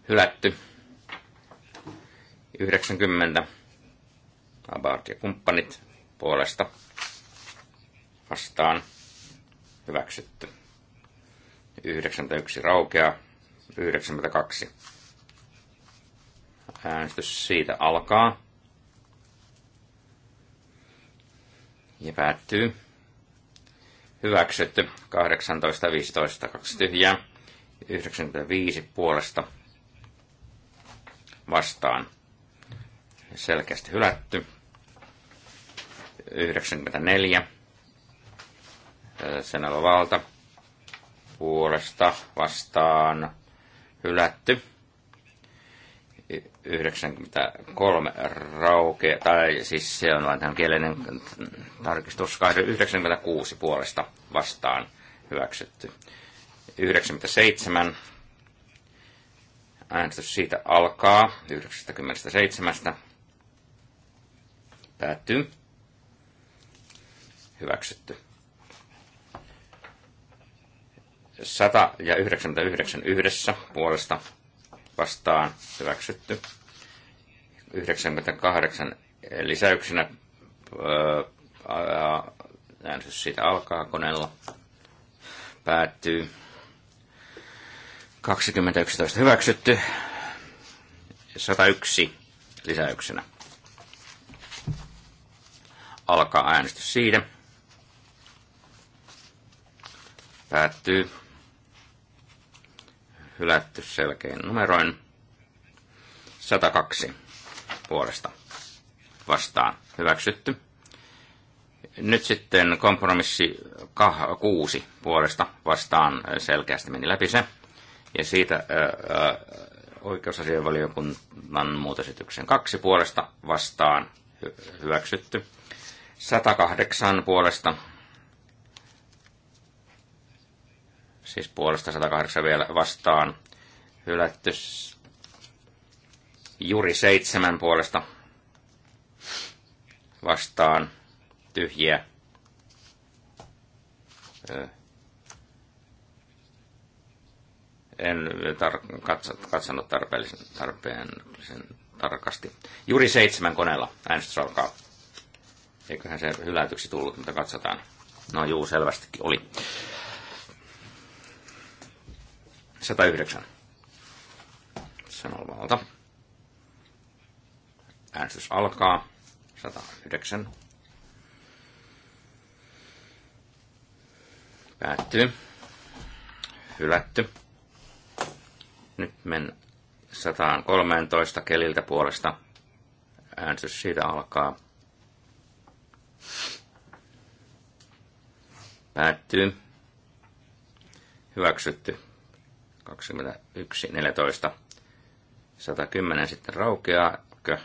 Hylätty. 90 Abart ja kumppanit puolesta vastaan hyväksytty. 91 raukea, 92. Äänestys siitä alkaa. Ja päättyy. Hyväksytty. 18, 15, 2 tyhjää. 95 puolesta vastaan. Selkeästi hylätty. 94 Senalovalta puolesta vastaan hylätty. 93 rauke, tai siis se on vain tämän kielinen tarkistus, 96 puolesta vastaan hyväksytty. 97 äänestys siitä alkaa, 97 päättyy, hyväksytty. 100 ja 99 yhdessä puolesta vastaan hyväksytty. 98 lisäyksenä äänestys siitä alkaa koneella. Päättyy. 2011 hyväksytty. 101 lisäyksenä. Alkaa äänestys siitä. Päättyy hylätty selkein numeroin. 102 puolesta vastaan hyväksytty. Nyt sitten kompromissi 6 puolesta vastaan äh, selkeästi meni läpi se. Ja siitä äh, äh, oikeusasianvaliokunnan muutosityksen 2 puolesta vastaan hyväksytty. 108 puolesta Siis puolesta 108 vielä vastaan. Hylätty juuri seitsemän puolesta vastaan. Tyhjiä. En tar- katsonut tarpeellisen, tarpeellisen tarkasti. Juuri seitsemän koneella äänestys alkaa. Eiköhän se hylätyksi tullut, mutta katsotaan. No juu, selvästikin oli. 109. Sanolvalta. Äänestys alkaa. 109. Päättyy. Hylätty. Nyt men 113 keliltä puolesta. Äänestys siitä alkaa. Päättyy. Hyväksytty. 21, 14, 110 sitten raukeaakö?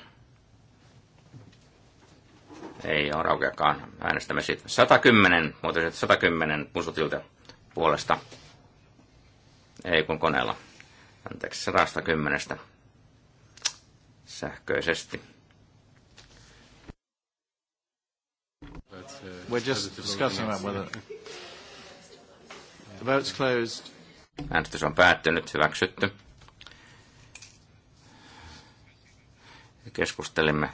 Ei ole raukeakaan. Äänestämme sitten 110, muuten 110 musutilta puolesta. Ei kun koneella. Anteeksi, 110 sähköisesti. We're just discussing about whether... The vote's closed. Äänestys on päättynyt, hyväksytty. Keskustelimme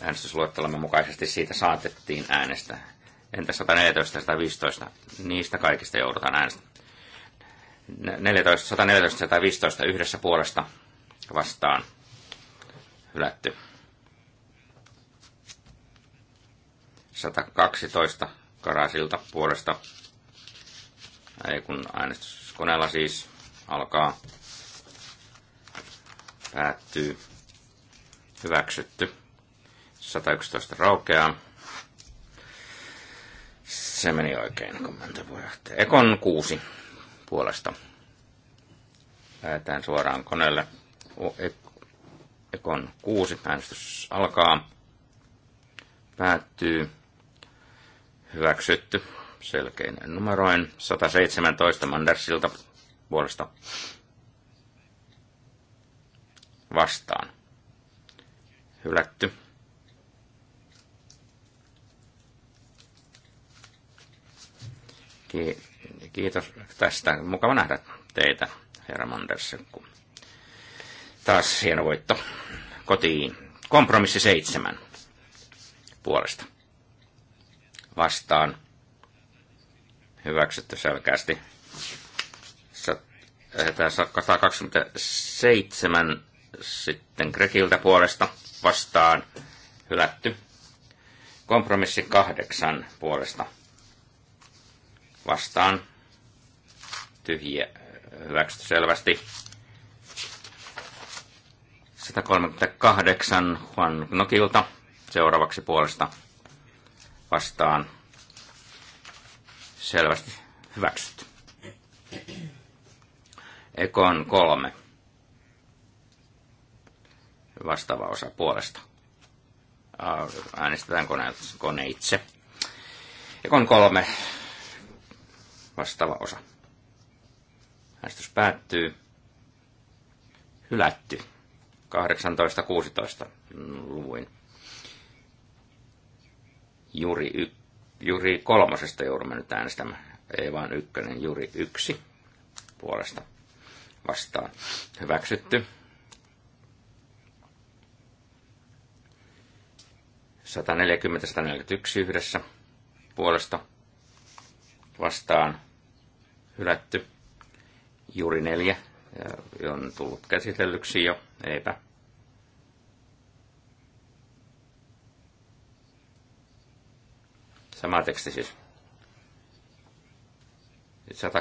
äänestysluettelomme mukaisesti siitä saatettiin äänestä. Entä 114 115? Niistä kaikista joudutaan äänestämään. 14, 114 115 yhdessä puolesta vastaan hylätty. 112 Karasilta puolesta. Ei kun äänestyskoneella siis alkaa. Päättyy. Hyväksytty. 111 raukeaa. Se meni oikein, kommentoi Ekon kuusi puolesta. Lähetään suoraan koneelle. Ekon kuusi äänestys alkaa. Päättyy hyväksytty selkein numeroin. 117 Mandersilta puolesta vastaan. Hylätty. Kiitos tästä. Mukava nähdä teitä, herra Manders. Taas hieno voitto kotiin. Kompromissi seitsemän puolesta vastaan hyväksytty selkeästi. 127 eh, sitten Grekiltä puolesta vastaan hylätty. Kompromissi kahdeksan puolesta vastaan tyhjä hyväksytty selvästi. 138 Juan Nokilta seuraavaksi puolesta vastaan selvästi hyväksytty. Ekon kolme vastaava osa puolesta. Äänestetään kone, kone Ekon kolme vastaava osa. Äänestys päättyy. Hylätty. 18.16 luvuin. Juri, y, juri kolmosesta joudumme nyt äänestämään. Ei vaan ykkönen, juri yksi puolesta vastaan. Hyväksytty. 140-141 yhdessä puolesta vastaan hylätty. Juuri neljä on tullut käsitellyksi jo, eipä Sama teksti siis.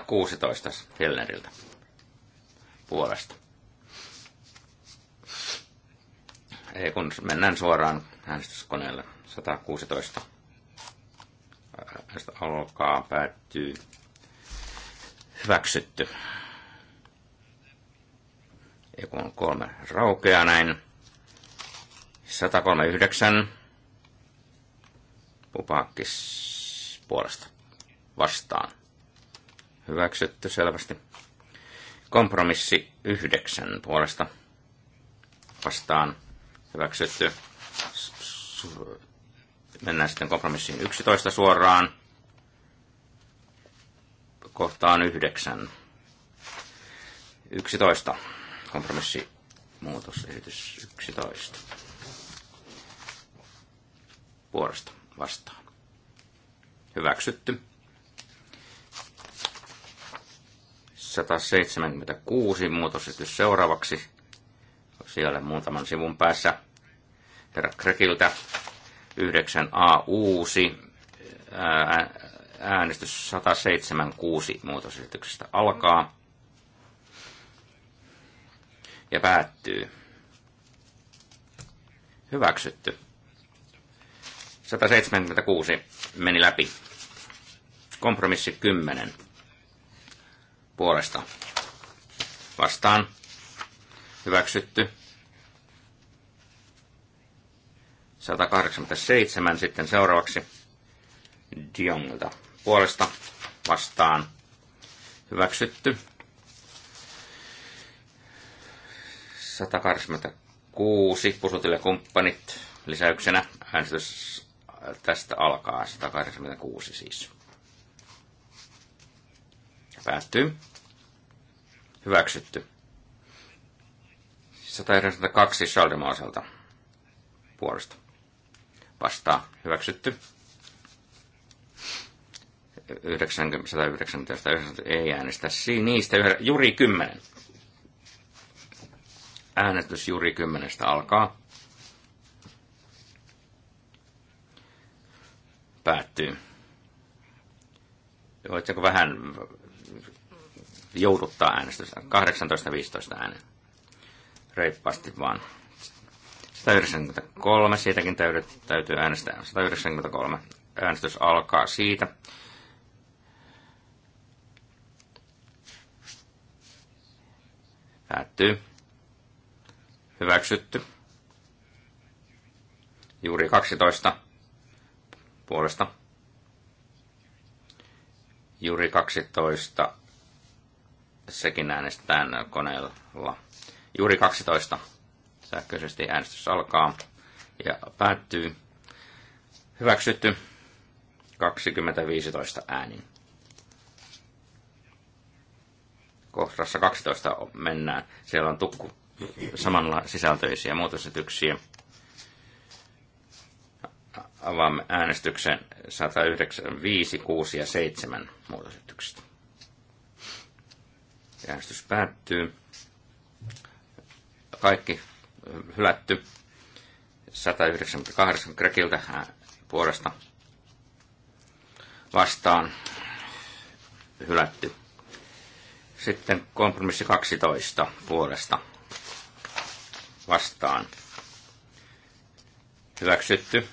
116 Hellneriltä puolesta. Ei kun mennään suoraan äänestyskoneelle. 116. Äänestys alkaa, päättyy. Hyväksytty. Ei kun kolme raukeaa näin. 139 Pupakis puolesta vastaan. Hyväksytty selvästi. Kompromissi yhdeksän puolesta vastaan. Hyväksytty. Mennään sitten kompromissiin 11 suoraan. Kohtaan yhdeksän. 11. Kompromissi muutosesitys 11. Puolesta vastaan. Hyväksytty. 176 muutosesitys seuraavaksi. Siellä muutaman sivun päässä herra Krekiltä 9a uusi äänestys 176 muutosesityksestä alkaa ja päättyy. Hyväksytty. 176 meni läpi. Kompromissi 10 puolesta vastaan hyväksytty. 187 sitten seuraavaksi Diongilta puolesta vastaan hyväksytty. 186 pusutille kumppanit lisäyksenä äänestys tästä alkaa, 186 siis. Päättyy. Hyväksytty. 192 Schaldemauselta puolesta. Vastaa. Hyväksytty. 190, 190, 90, ei äänestä niistä. Yhdä, juri 10. Äänestys juuri 10 alkaa. päättyy. Voitko vähän jouduttaa äänestystä? 18-15 äänen. Reippaasti vaan. 193, siitäkin täytyy, täytyy äänestää. 193. Äänestys alkaa siitä. Päättyy. Hyväksytty. Juuri 12 puolesta. Juuri 12. Sekin äänestetään koneella. Juuri 12. Sähköisesti äänestys alkaa ja päättyy. Hyväksytty 2015 äänin. Kohdassa 12 mennään. Siellä on tukku samanla sisältöisiä muutosetyksiä avaamme äänestyksen 195, 6 ja 7 muutosesityksestä. Äänestys päättyy. Kaikki hylätty. 198 Grekiltä puolesta vastaan hylätty. Sitten kompromissi 12 puolesta vastaan hyväksytty.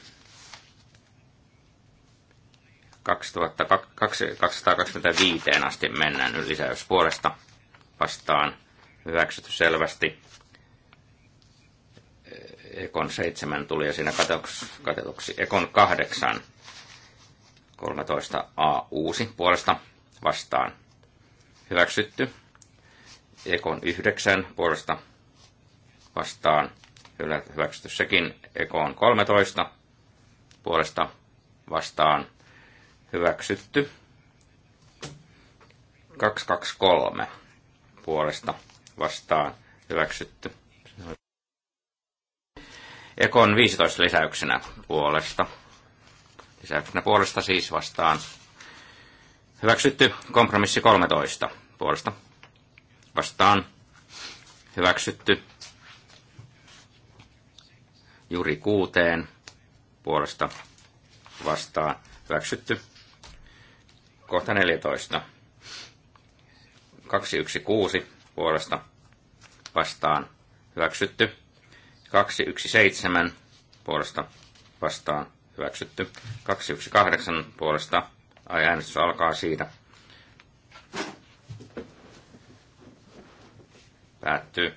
225 asti mennään lisäys puolesta vastaan hyväksytty selvästi. Ekon 7 tuli ja siinä katetuksi Ekon 8 13a uusi puolesta vastaan hyväksytty. Ekon 9 puolesta vastaan hyväksytty sekin. Ekon 13 puolesta vastaan hyväksytty. 223 puolesta vastaan hyväksytty. Ekon 15 lisäyksenä puolesta. Lisäyksenä puolesta siis vastaan. Hyväksytty kompromissi 13 puolesta. Vastaan hyväksytty juuri kuuteen puolesta vastaan hyväksytty kohta 14. 216 puolesta vastaan hyväksytty. 217 puolesta vastaan hyväksytty. 218 puolesta ai äänestys alkaa siitä. Päättyy.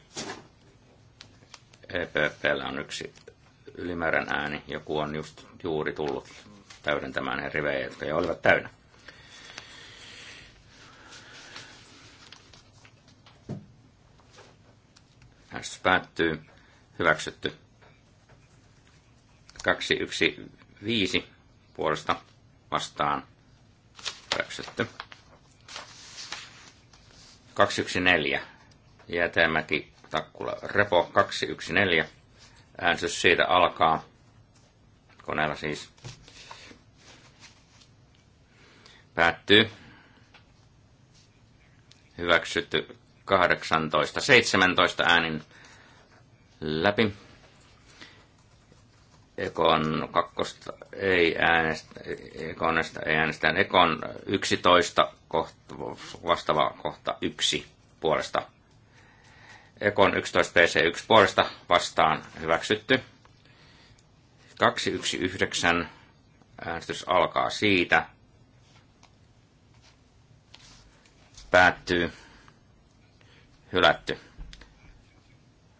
EPPL on yksi ylimääräinen ääni. Joku on just juuri tullut täydentämään ne rivejä, jotka jo olivat täynnä. Äänestys päättyy. Hyväksytty. 215 puolesta vastaan. Hyväksytty. 214. Jäätämäki Takkula Repo 214. Äänestys siitä alkaa. Koneella siis. Päättyy. Hyväksytty 18, 17 äänin läpi. Ekon kakkosta ei äänestä, Ekonesta ei äänestä, Ekon 11 kohta, vastaava kohta 1 puolesta. Ekon 11 PC1 puolesta vastaan hyväksytty. 219 äänestys alkaa siitä. Päättyy hylätty.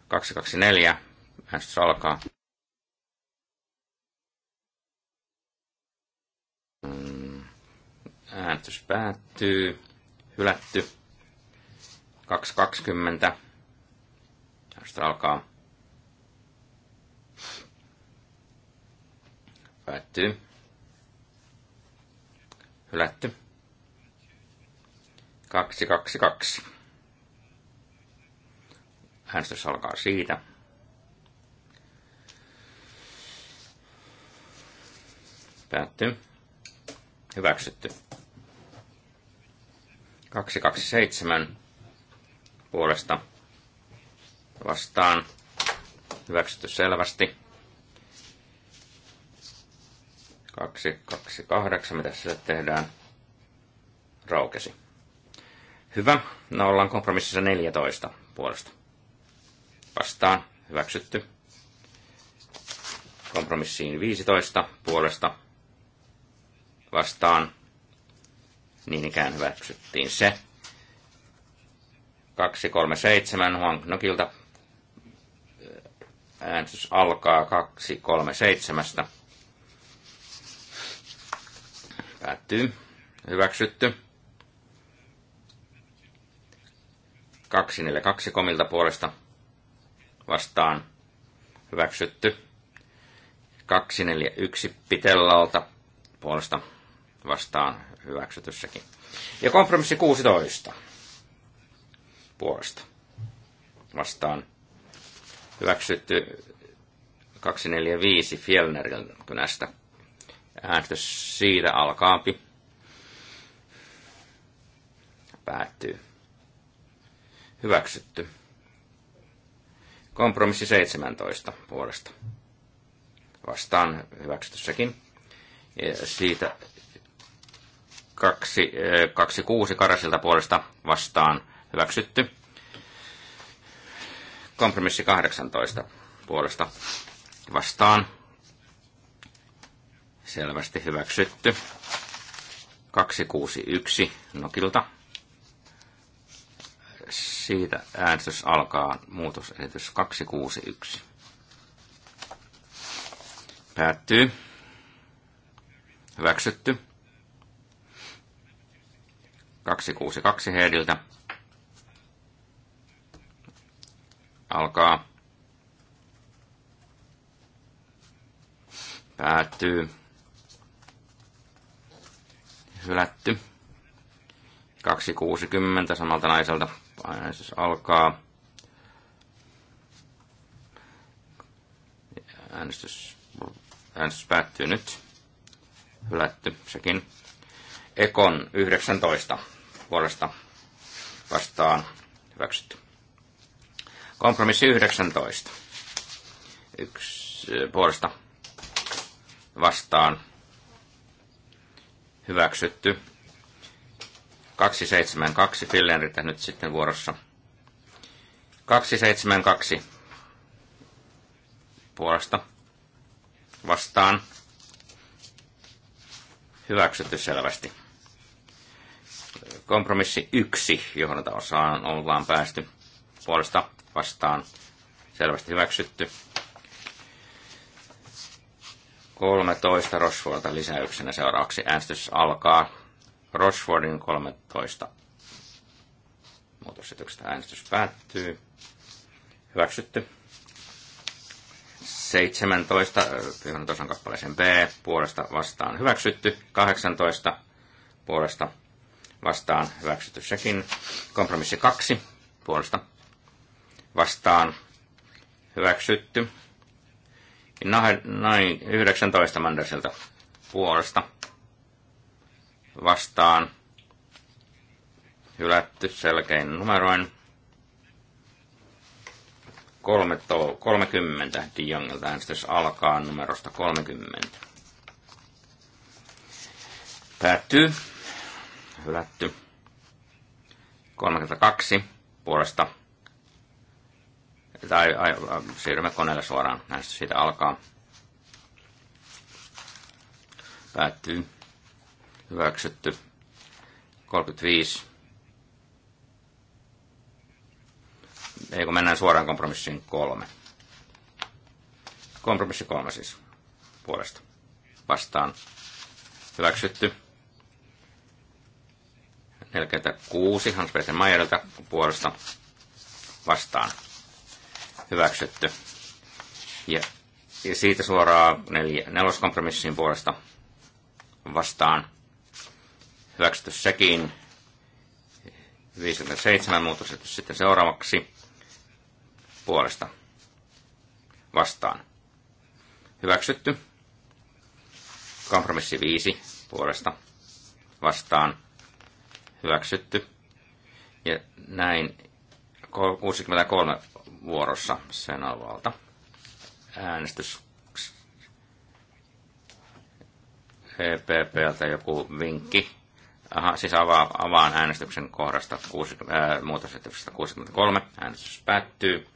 224, äänestys alkaa. Mm, äänestys päättyy, hylätty. 220, äänestys alkaa. Päättyy. Hylätty. 222. Äänestys alkaa siitä. Päättyy. Hyväksytty. 227 puolesta vastaan. Hyväksytty selvästi. 228, mitä sille tehdään, raukesi. Hyvä. No ollaan kompromississa 14 puolesta vastaan hyväksytty. Kompromissiin 15 puolesta vastaan niin ikään hyväksyttiin se. 237 Huang Nokilta äänestys alkaa 237. Päättyy. Hyväksytty. 242 komilta puolesta vastaan hyväksytty. 241 Pitellalta puolesta vastaan hyväksytyssäkin. Ja kompromissi 16 puolesta vastaan hyväksytty 245 Fjellnerin kynästä. Äänestys siitä alkaampi. Päättyy. Hyväksytty. Kompromissi 17 puolesta. Vastaan hyväksytyssäkin. Ja siitä 26 eh, Karasilta puolesta vastaan hyväksytty. Kompromissi 18 puolesta vastaan selvästi hyväksytty. 261 Nokilta siitä äänestys alkaa. Muutosesitys 261. Päättyy. Hyväksytty. 262 heidiltä. Alkaa. Päättyy. Hylätty. 260 samalta naiselta siis alkaa. Äänestys, äänestys päättyy nyt. Hylätty sekin. Ekon 19 vuodesta vastaan hyväksytty. Kompromissi 19. Yksi eh, puolesta vastaan hyväksytty. 272 Fillenritä nyt sitten vuorossa. 272 puolesta vastaan. Hyväksytty selvästi. Kompromissi yksi, johon osaan ollaan päästy puolesta vastaan. Selvästi hyväksytty. 13 rosvoilta lisäyksenä seuraavaksi äänestys alkaa. Rochfordin 13 muutosesityksestä äänestys päättyy. Hyväksytty. 17, pyhän tosan kappaleeseen B, puolesta vastaan hyväksytty. 18, puolesta vastaan hyväksytty sekin. Kompromissi 2, puolesta vastaan hyväksytty. Noin 19 Mandersilta puolesta vastaan hylätty selkein numeroin. 30 Diongelta äänestys alkaa numerosta 30. Päättyy. Hylätty. 32 puolesta. Tai ai, siirrymme koneelle suoraan. Äänestys siitä alkaa. Päättyy hyväksytty. 35. Ei mennään suoraan kompromissiin kolme. Kompromissi kolme siis puolesta. Vastaan hyväksytty. 46 Hans-Peter Mayerilta puolesta vastaan hyväksytty. Ja, ja siitä suoraan neljä, neloskompromissin puolesta vastaan hyväksytty sekin. 57 muutosesitys sitten seuraavaksi puolesta vastaan. Hyväksytty. Kompromissi 5 puolesta vastaan. Hyväksytty. Ja näin 63 vuorossa sen alueelta. Äänestys EPPltä joku vinkki aha, siis avaa, avaan äänestyksen kohdasta 60, ää, äh, muutosesityksestä 63. Äänestys päättyy.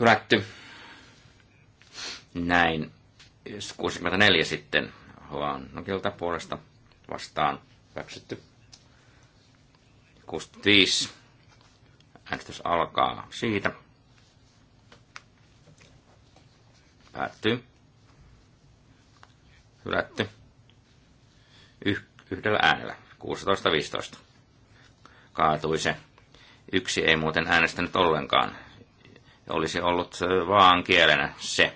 Hylätty. Näin. 64 sitten nokilta puolesta vastaan hyväksytty. 65. Äänestys alkaa siitä. Päättyy. Hylätty. Yh yhdellä äänellä. 16-15. Kaatui se. Yksi ei muuten äänestänyt ollenkaan. Olisi ollut vaan kielenä se.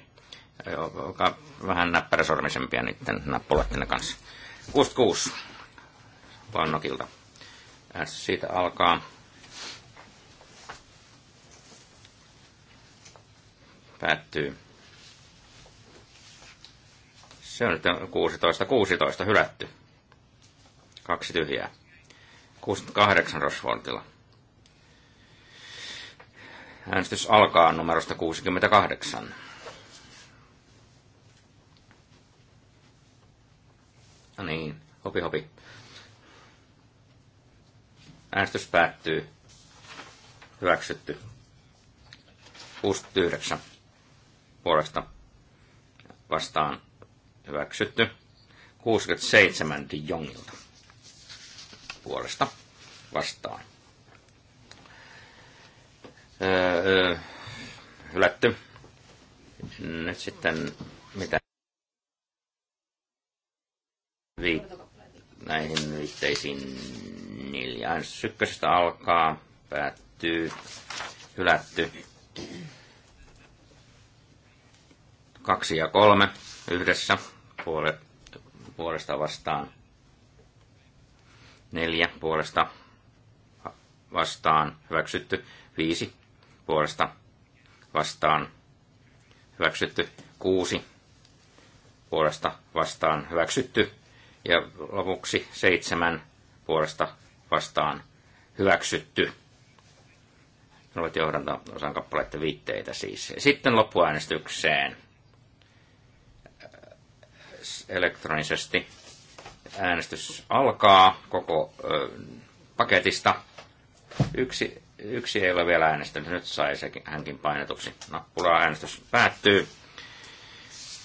Olkaa vähän näppäräsormisempia niiden nappuloiden kanssa. 66. Pannokilta. siitä alkaa. Päättyy. Se on nyt 16 16, hylätty. Kaksi tyhjää. 68 Rosfortilla. Äänestys alkaa numerosta 68. No niin, hopi hopi. Äänestys päättyy. Hyväksytty. 69 puolesta vastaan hyväksytty. 67 Jongilta puolesta vastaan. Öö, öö, hylätty. Nyt sitten mitä Vi, näihin viitteisiin neljään sykkösestä alkaa, päättyy, hylätty. Kaksi ja kolme yhdessä puole, puolesta vastaan 4 puolesta vastaan hyväksytty, 5 puolesta vastaan hyväksytty, 6 puolesta vastaan hyväksytty ja lopuksi 7 puolesta vastaan hyväksytty. Olet johdanta osan kappaletta viitteitä siis. Sitten loppuäänestykseen äh, elektronisesti Äänestys alkaa koko ö, paketista. Yksi, yksi ei ole vielä äänestänyt, nyt sai sekin, hänkin painetuksi. Nappulaa äänestys päättyy.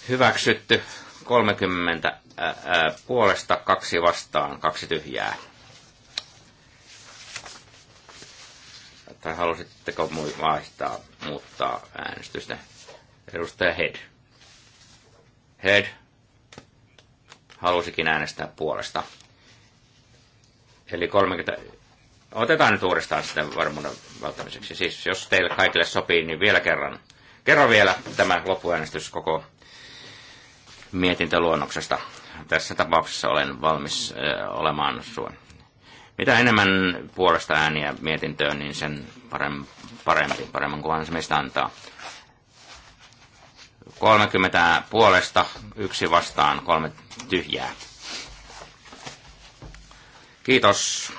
Hyväksytty 30 ö, ö, puolesta, kaksi vastaan, kaksi tyhjää. Tai halusitteko vaihtaa, muuttaa äänestystä? Edustaja Head. Head halusikin äänestää puolesta. Eli 30... Otetaan nyt uudestaan sitten varmuuden välttämiseksi. Siis jos teille kaikille sopii, niin vielä kerran. Kerro vielä tämä loppuäänestys koko mietintöluonnoksesta. Tässä tapauksessa olen valmis äh, olemaan suen. Mitä enemmän puolesta ääniä mietintöön, niin sen parempi, parempi paremmin kuin se meistä antaa. 30 puolesta, yksi vastaan, kolme tyhjää. Kiitos.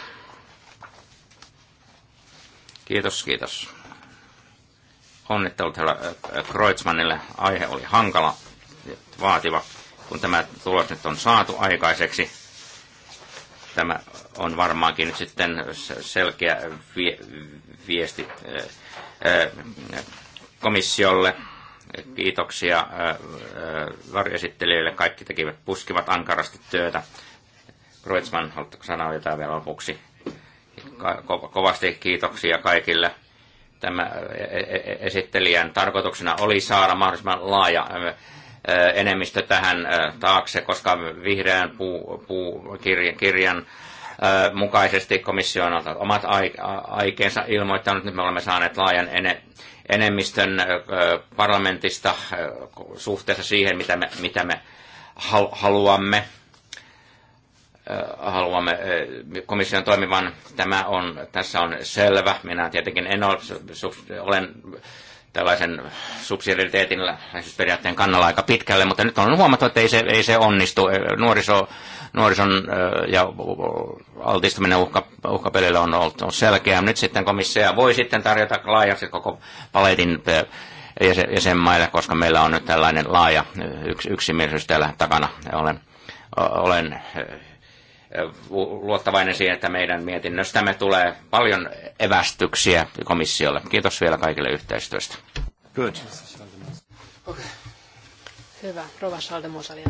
Kiitos, kiitos. Onnittelut herra äh, äh, Kreutzmannille. Aihe oli hankala ja vaativa. Kun tämä tulos nyt on saatu aikaiseksi, tämä on varmaankin nyt sitten selkeä viesti äh, komissiolle Kiitoksia äh, äh, varjoesittelijöille. Kaikki tekivät, puskivat ankarasti työtä. Kreutzmann, haluatko sanoa jotain vielä lopuksi? Ko- kovasti kiitoksia kaikille. Tämä esittelijän tarkoituksena oli saada mahdollisimman laaja enemmistö tähän taakse, koska vihreän puu, puu, kirjan, kirjan mukaisesti komissio on omat aikeensa ilmoittanut. Nyt me olemme saaneet laajan enemmistön parlamentista suhteessa siihen, mitä me, mitä me haluamme haluamme komission toimivan. Tämä on, tässä on selvä. Minä tietenkin en ole, olen tällaisen subsidiariteetin periaatteen kannalla aika pitkälle, mutta nyt on huomattu, että ei se, ei se onnistu. Eh, nuoriso, nuorison eh, ja altistuminen uhka, uhkapelille on ollut selkeä. Nyt sitten komissio voi sitten tarjota laajaksi koko paletin eh, jäsenmaille, koska meillä on nyt tällainen laaja yks, yksimielisyys täällä takana. Olen, olen luottavainen siihen, että meidän mietinnöstämme tulee paljon evästyksiä komissiolle. Kiitos vielä kaikille yhteistyöstä. Good. Okay. Hyvä. Rova Saldemosalia.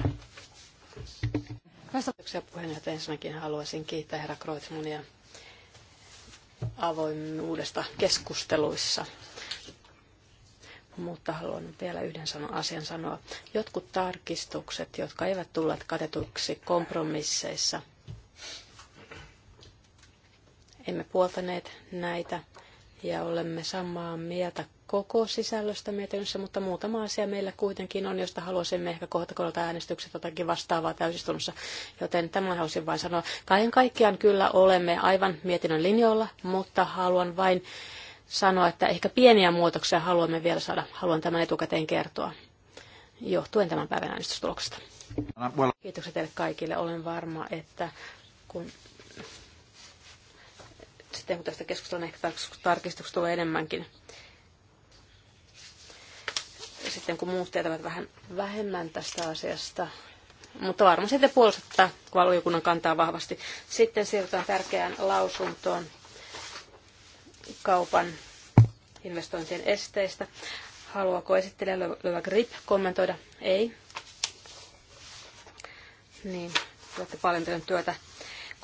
Vastauksia puheenjohtaja ensinnäkin haluaisin kiittää herra Kreutzmania avoimuudesta keskusteluissa. Mutta haluan vielä yhden sanon, asian sanoa. Jotkut tarkistukset, jotka eivät tulleet katetuksi kompromisseissa – emme puoltaneet näitä ja olemme samaa mieltä koko sisällöstä mietinnössä, mutta muutama asia meillä kuitenkin on, josta haluaisimme ehkä kohta kohdalta äänestykset jotakin vastaavaa täysistunnossa. Joten tämän haluaisin vain sanoa. Kaiken kaikkiaan kyllä olemme aivan mietinnön linjoilla, mutta haluan vain sanoa, että ehkä pieniä muutoksia haluamme vielä saada. Haluan tämän etukäteen kertoa johtuen tämän päivän äänestystuloksesta. Kiitoksia teille kaikille. Olen varma, että kun sitten kun tästä keskustellaan, ehkä tarkistukset tulee enemmänkin. Sitten kun muut tietävät vähän vähemmän tästä asiasta, mutta varmasti te puolustatte valiokunnan kantaa vahvasti. Sitten siirrytään tärkeään lausuntoon kaupan investointien esteistä. Haluaako esittelijä Löyvä Grip kommentoida? Ei. Niin, olette paljon työtä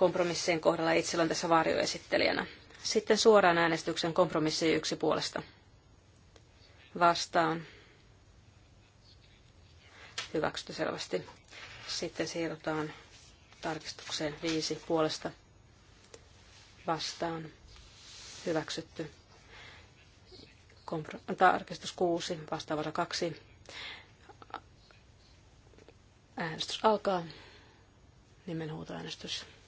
kompromissien kohdalla itsellä tässä varjoesittelijänä. Sitten suoraan äänestyksen kompromissi yksi puolesta. Vastaan. Hyväksytty selvästi. Sitten siirrytään tarkistukseen viisi puolesta. Vastaan. Hyväksytty. Kompro- tarkistus kuusi, vastaavara kaksi. Äänestys alkaa. Nimenhuutoäänestys. äänestys.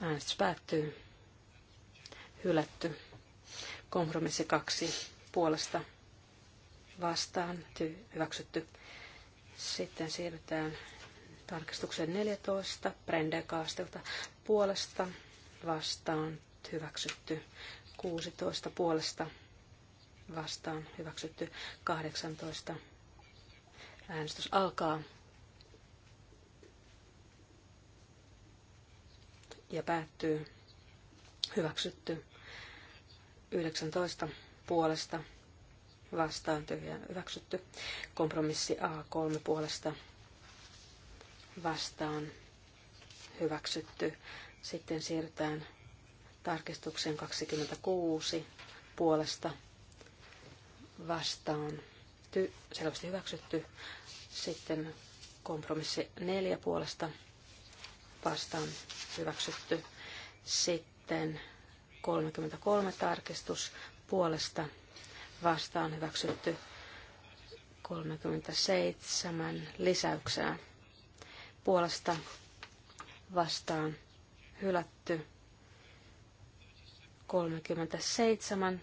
Äänestys päättyy. Hylätty. Kompromissi kaksi puolesta vastaan ty- hyväksytty. Sitten siirrytään tarkistukseen 14. Kaastelta puolesta vastaan hyväksytty. 16 puolesta vastaan hyväksytty. 18 äänestys alkaa. ja päättyy. Hyväksytty. 19 puolesta vastaan tyhjä hyväksytty. Kompromissi A3 puolesta vastaan hyväksytty. Sitten siirrytään tarkistukseen 26 puolesta vastaan ty- selvästi hyväksytty. Sitten kompromissi 4 puolesta on hyväksytty. Sitten 33 tarkistus puolesta vastaan hyväksytty 37 lisäyksää. Puolesta vastaan hylätty 37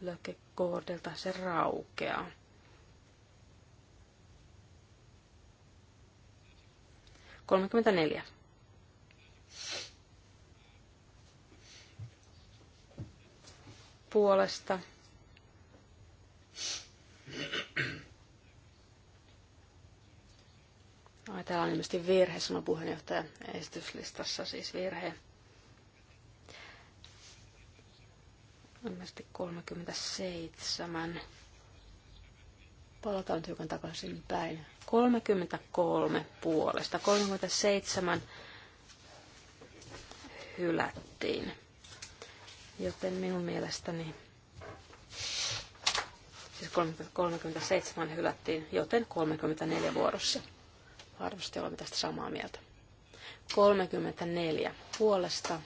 lökekoodilta se raukeaa. Kolmekymmentäneljä. puolesta. Ai, täällä on ilmeisesti virhe, sanoi puheenjohtaja esityslistassa, siis virhe. Ilmeisesti 37. Palataan nyt hiukan takaisin päin. 33 puolesta. 37 hylättiin. Joten minun mielestäni siis 37 hylättiin, joten 34 vuorossa. Varmasti olemme tästä samaa mieltä. 34 puolesta.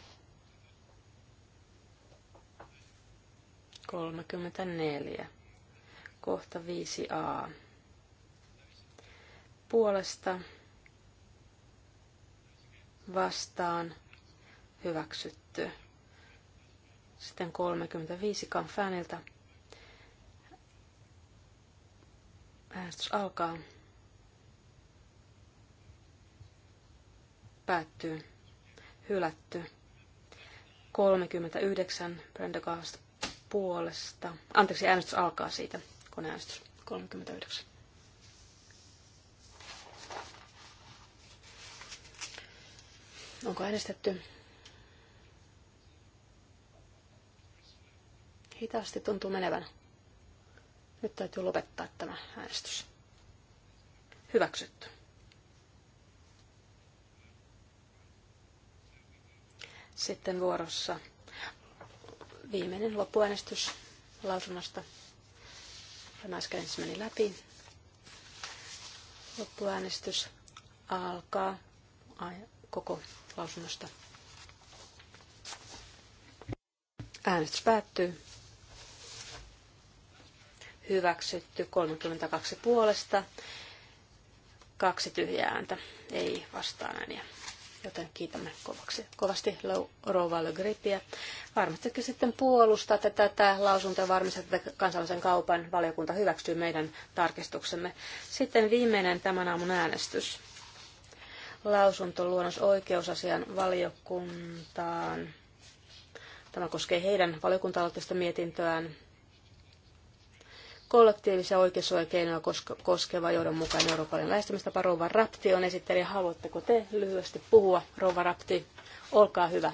34. Kohta 5a. Puolesta vastaan hyväksytty. Sitten 35 Kanfääniltä. Äänestys alkaa. Päättyy. Hylätty. 39 Brendagast puolesta. Anteeksi, äänestys alkaa siitä. Koneäänestys 39. Onko äänestetty? Hitaasti tuntuu menevän. Nyt täytyy lopettaa tämä äänestys. Hyväksytty. Sitten vuorossa viimeinen loppuäänestys lausunnosta. Tämä äsken meni läpi. Loppuäänestys alkaa koko lausunnosta. Äänestys päättyy hyväksytty 32 puolesta, kaksi tyhjää ääntä, ei vastaan ääniä. Joten kiitämme kovaksi, kovasti Rouva Le Gripiä. Varmastikin sitten puolustatte tätä lausuntoa varmistatte, että kansallisen kaupan valiokunta hyväksyy meidän tarkistuksemme. Sitten viimeinen tämän aamun äänestys. Lausuntoluonnos oikeusasian valiokuntaan. Tämä koskee heidän valiokunta mietintöään kollektiivisia keinoja koskeva johdonmukainen eurooppalainen lähestymistapa. Rouva Rapti on esittelijä. Haluatteko te lyhyesti puhua? Rouva Rapti, olkaa hyvä.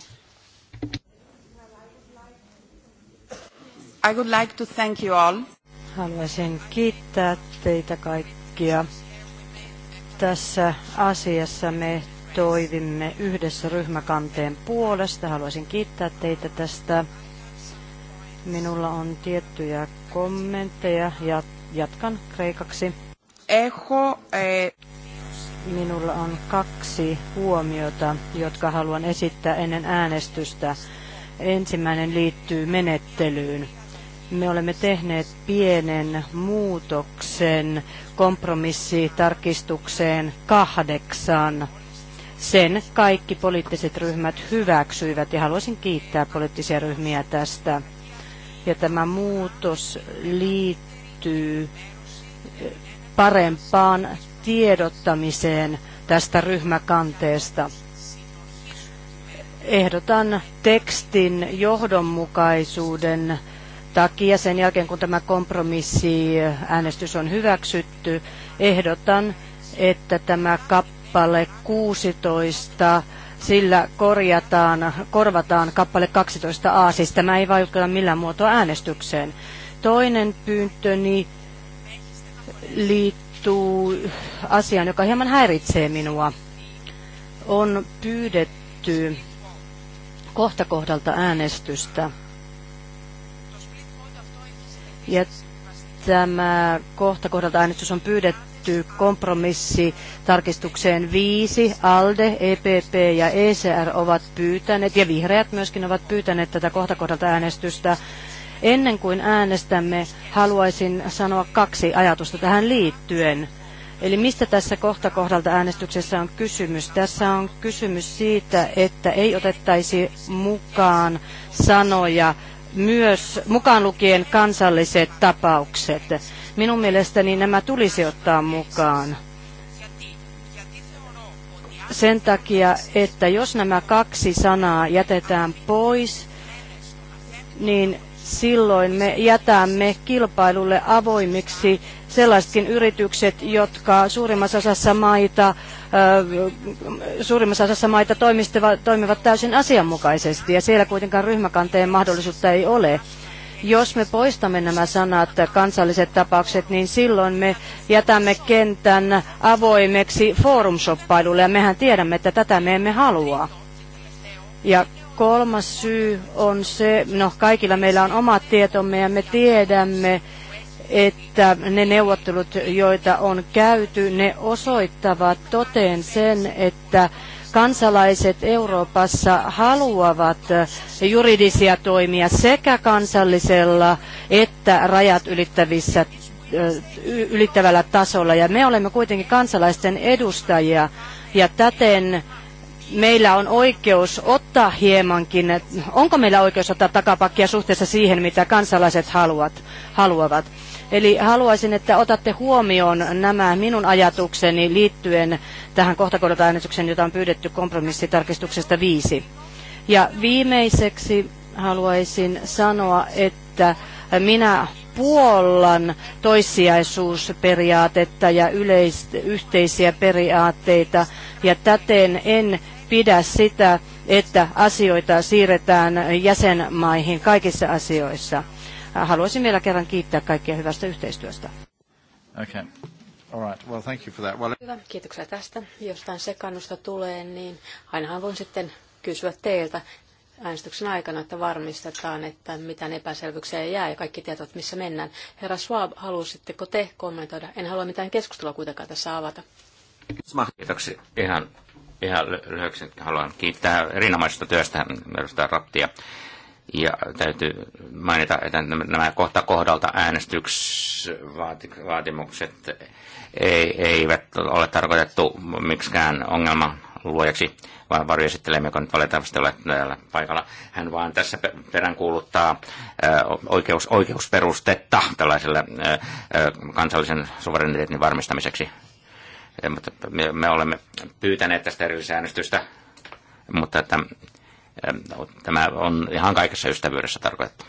I would like to thank you all. Haluaisin kiittää teitä kaikkia. Tässä asiassa me toivimme yhdessä ryhmäkanteen puolesta. Haluaisin kiittää teitä tästä Minulla on tiettyjä kommentteja ja jatkan kreikaksi. Eho, e- Minulla on kaksi huomiota, jotka haluan esittää ennen äänestystä. Ensimmäinen liittyy menettelyyn. Me olemme tehneet pienen muutoksen kompromissitarkistukseen kahdeksan sen kaikki poliittiset ryhmät hyväksyivät ja haluaisin kiittää poliittisia ryhmiä tästä. Ja tämä muutos liittyy eh, parempaan tiedottamiseen tästä ryhmäkanteesta. Ehdotan tekstin johdonmukaisuuden takia sen jälkeen, kun tämä kompromissiäänestys eh, on hyväksytty, ehdotan, että tämä kappale 16 sillä korjataan, korvataan kappale 12a, siis tämä ei vaikuta millään muotoa äänestykseen. Toinen pyyntöni liittyy asiaan, joka hieman häiritsee minua. On pyydetty kohta kohdalta äänestystä. Ja tämä kohta kohdalta äänestys on pyydetty liittyy kompromissi tarkistukseen 5. ALDE, EPP ja ECR ovat pyytäneet, ja vihreät myöskin ovat pyytäneet tätä kohtakohdalta äänestystä. Ennen kuin äänestämme, haluaisin sanoa kaksi ajatusta tähän liittyen. Eli mistä tässä kohtakohdalta äänestyksessä on kysymys? Tässä on kysymys siitä, että ei otettaisi mukaan sanoja myös mukaan lukien kansalliset tapaukset. Minun mielestäni nämä tulisi ottaa mukaan sen takia, että jos nämä kaksi sanaa jätetään pois, niin silloin me jätämme kilpailulle avoimiksi sellaisetkin yritykset, jotka suurimmassa osassa maita, suurimmassa osassa maita toimivat täysin asianmukaisesti, ja siellä kuitenkaan ryhmäkanteen mahdollisuutta ei ole. Jos me poistamme nämä sanat kansalliset tapaukset, niin silloin me jätämme kentän avoimeksi foorumshoppailulle ja mehän tiedämme, että tätä me emme halua. Ja kolmas syy on se, no kaikilla meillä on omat tietomme ja me tiedämme, että ne neuvottelut, joita on käyty, ne osoittavat toteen sen, että kansalaiset Euroopassa haluavat eh, juridisia toimia sekä kansallisella että rajat ylittävissä eh, ylittävällä tasolla. Ja me olemme kuitenkin kansalaisten edustajia ja täten meillä on oikeus ottaa hiemankin, eh, onko meillä oikeus ottaa takapakkia suhteessa siihen, mitä kansalaiset haluat, haluavat. Eli haluaisin, että otatte huomioon nämä minun ajatukseni liittyen tähän kohtakohdalta äänestykseen, jota on pyydetty kompromissitarkistuksesta viisi. Ja viimeiseksi haluaisin sanoa, että minä puollan toissijaisuusperiaatetta ja yleist- yhteisiä periaatteita ja täten en pidä sitä, että asioita siirretään jäsenmaihin kaikissa asioissa. Äh, haluaisin vielä kerran kiittää kaikkia hyvästä yhteistyöstä. Okay. All right. Well, thank you for that. Well... Hyvä, kiitoksia tästä. Jos tämän sekannusta tulee, niin ainahan voin sitten kysyä teiltä äänestyksen aikana, että varmistetaan, että mitään epäselvyyksiä ei jää ja kaikki tietävät, missä mennään. Herra Schwab, halusitteko te kommentoida? En halua mitään keskustelua kuitenkaan tässä avata. Kiitoksia. Ihan, ihan lyhyesti haluan kiittää erinomaisesta työstä, edustaja Raptia. Ja täytyy mainita, että nämä kohta kohdalta äänestyksvaatimukset ei, eivät ole tarkoitettu miksikään ongelman luojaksi, vaan varjoesittelemme, joka nyt valitettavasti ole täällä paikalla. Hän vaan tässä peräänkuuluttaa oikeus, oikeusperustetta tällaiselle kansallisen suvereniteetin varmistamiseksi. Mutta me olemme pyytäneet tästä erillisäänestystä, mutta että Ehm, tämä on ihan kaikessa ystävyydessä tarkoitettu.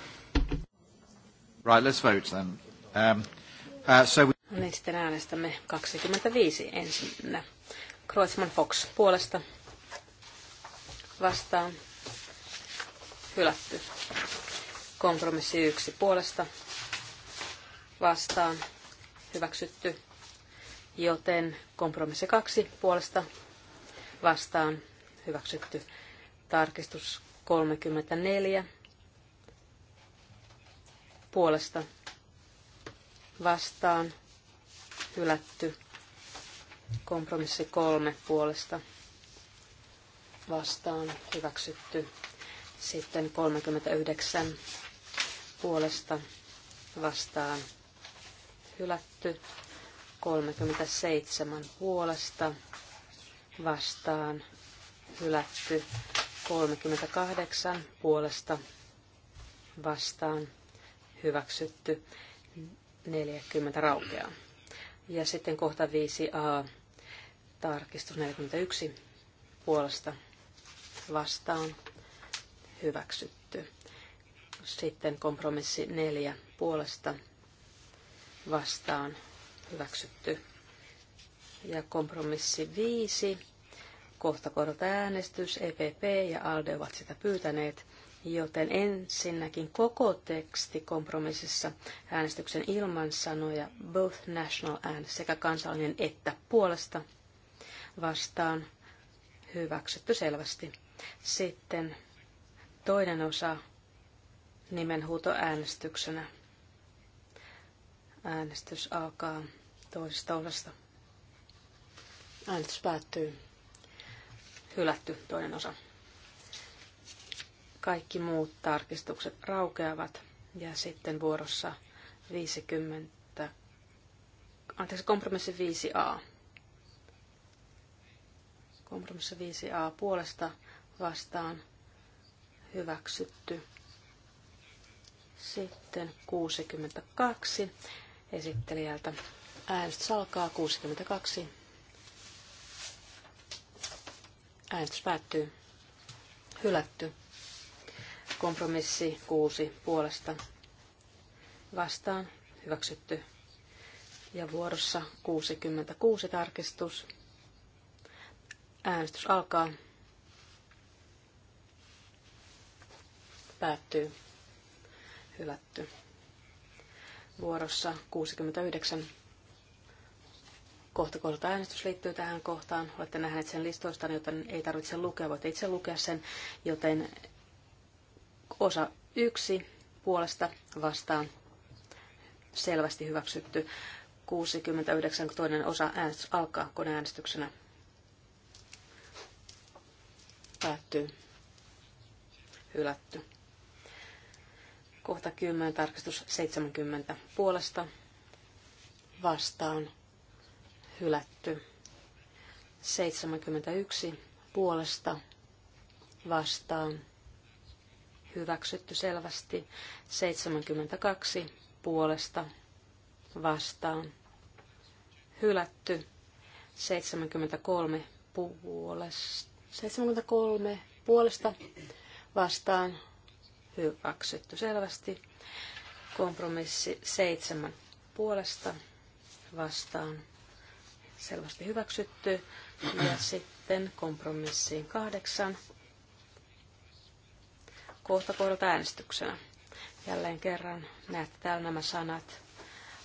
Right, let's vote then. Um, uh, so we... No niin sitten äänestämme 25 ensinnä. Kreutzmann Fox puolesta vastaan. Hylätty. Kompromissi 1 puolesta vastaan. Hyväksytty. Joten kompromissi 2 puolesta vastaan. Hyväksytty. Tarkistus 34 puolesta vastaan hylätty. Kompromissi 3 puolesta vastaan hyväksytty. Sitten 39 puolesta vastaan hylätty. 37 puolesta vastaan hylätty. 38 puolesta vastaan hyväksytty 40 raukeaa. Ja sitten kohta 5a, tarkistus 41 puolesta vastaan hyväksytty. Sitten kompromissi 4 puolesta vastaan hyväksytty. Ja kompromissi 5 kohta kohdalta äänestys, EPP ja ALDE ovat sitä pyytäneet, joten ensinnäkin koko teksti kompromississa äänestyksen ilman sanoja both national and sekä kansallinen että puolesta vastaan hyväksytty selvästi. Sitten toinen osa äänestyksenä. Äänestys alkaa toisesta osasta. Äänestys päättyy hylätty toinen osa. Kaikki muut tarkistukset raukeavat ja sitten vuorossa 50, anteeksi kompromissi 5a. Kompromissi 5a puolesta vastaan hyväksytty. Sitten 62 esittelijältä. Äänestys alkaa 62. Äänestys päättyy. Hylätty. Kompromissi 6 puolesta vastaan. Hyväksytty. Ja vuorossa 66 tarkistus. Äänestys alkaa. Päättyy. Hylätty. Vuorossa 69 kohta kohdalta äänestys liittyy tähän kohtaan. Olette nähneet sen listoista, joten ei tarvitse lukea, voitte itse lukea sen. Joten osa yksi puolesta vastaan selvästi hyväksytty. 69 toinen osa äänestys alkaa koneäänestyksenä. Päättyy. Hylätty. Kohta 10 tarkistus 70 puolesta vastaan hylätty. 71 puolesta vastaan hyväksytty selvästi. 72 puolesta vastaan hylätty. 73 puolesta. 73 puolesta vastaan hyväksytty selvästi. Kompromissi 7 puolesta vastaan selvästi hyväksytty. Ja sitten kompromissiin kahdeksan kohta kohdalta äänestyksenä. Jälleen kerran näette täällä nämä sanat.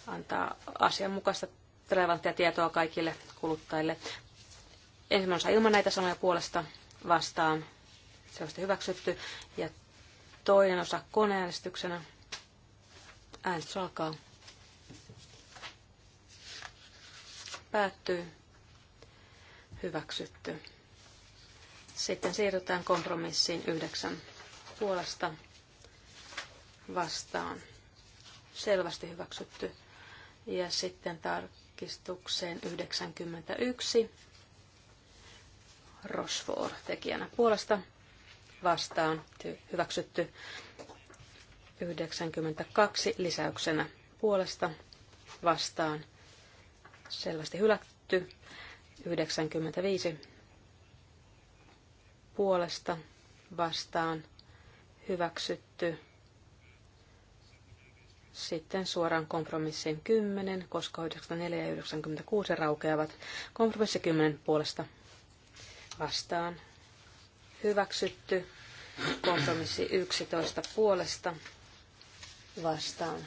Antaa asianmukaista relevanttia tietoa kaikille kuluttajille. Ensimmäinen osa ilman näitä sanoja puolesta vastaan. Se on hyväksytty. Ja toinen osa koneäänestyksenä. Äänestys alkaa. päättyy. Hyväksytty. Sitten siirrytään kompromissiin yhdeksän puolesta vastaan. Selvästi hyväksytty. Ja sitten tarkistukseen 91. Rosfor tekijänä puolesta vastaan hyväksytty 92 lisäyksenä puolesta vastaan selvästi hylätty. 95 puolesta vastaan hyväksytty. Sitten suoraan kompromissin 10, koska 94 ja 96 raukeavat. Kompromissi 10 puolesta vastaan hyväksytty. Kompromissi 11 puolesta vastaan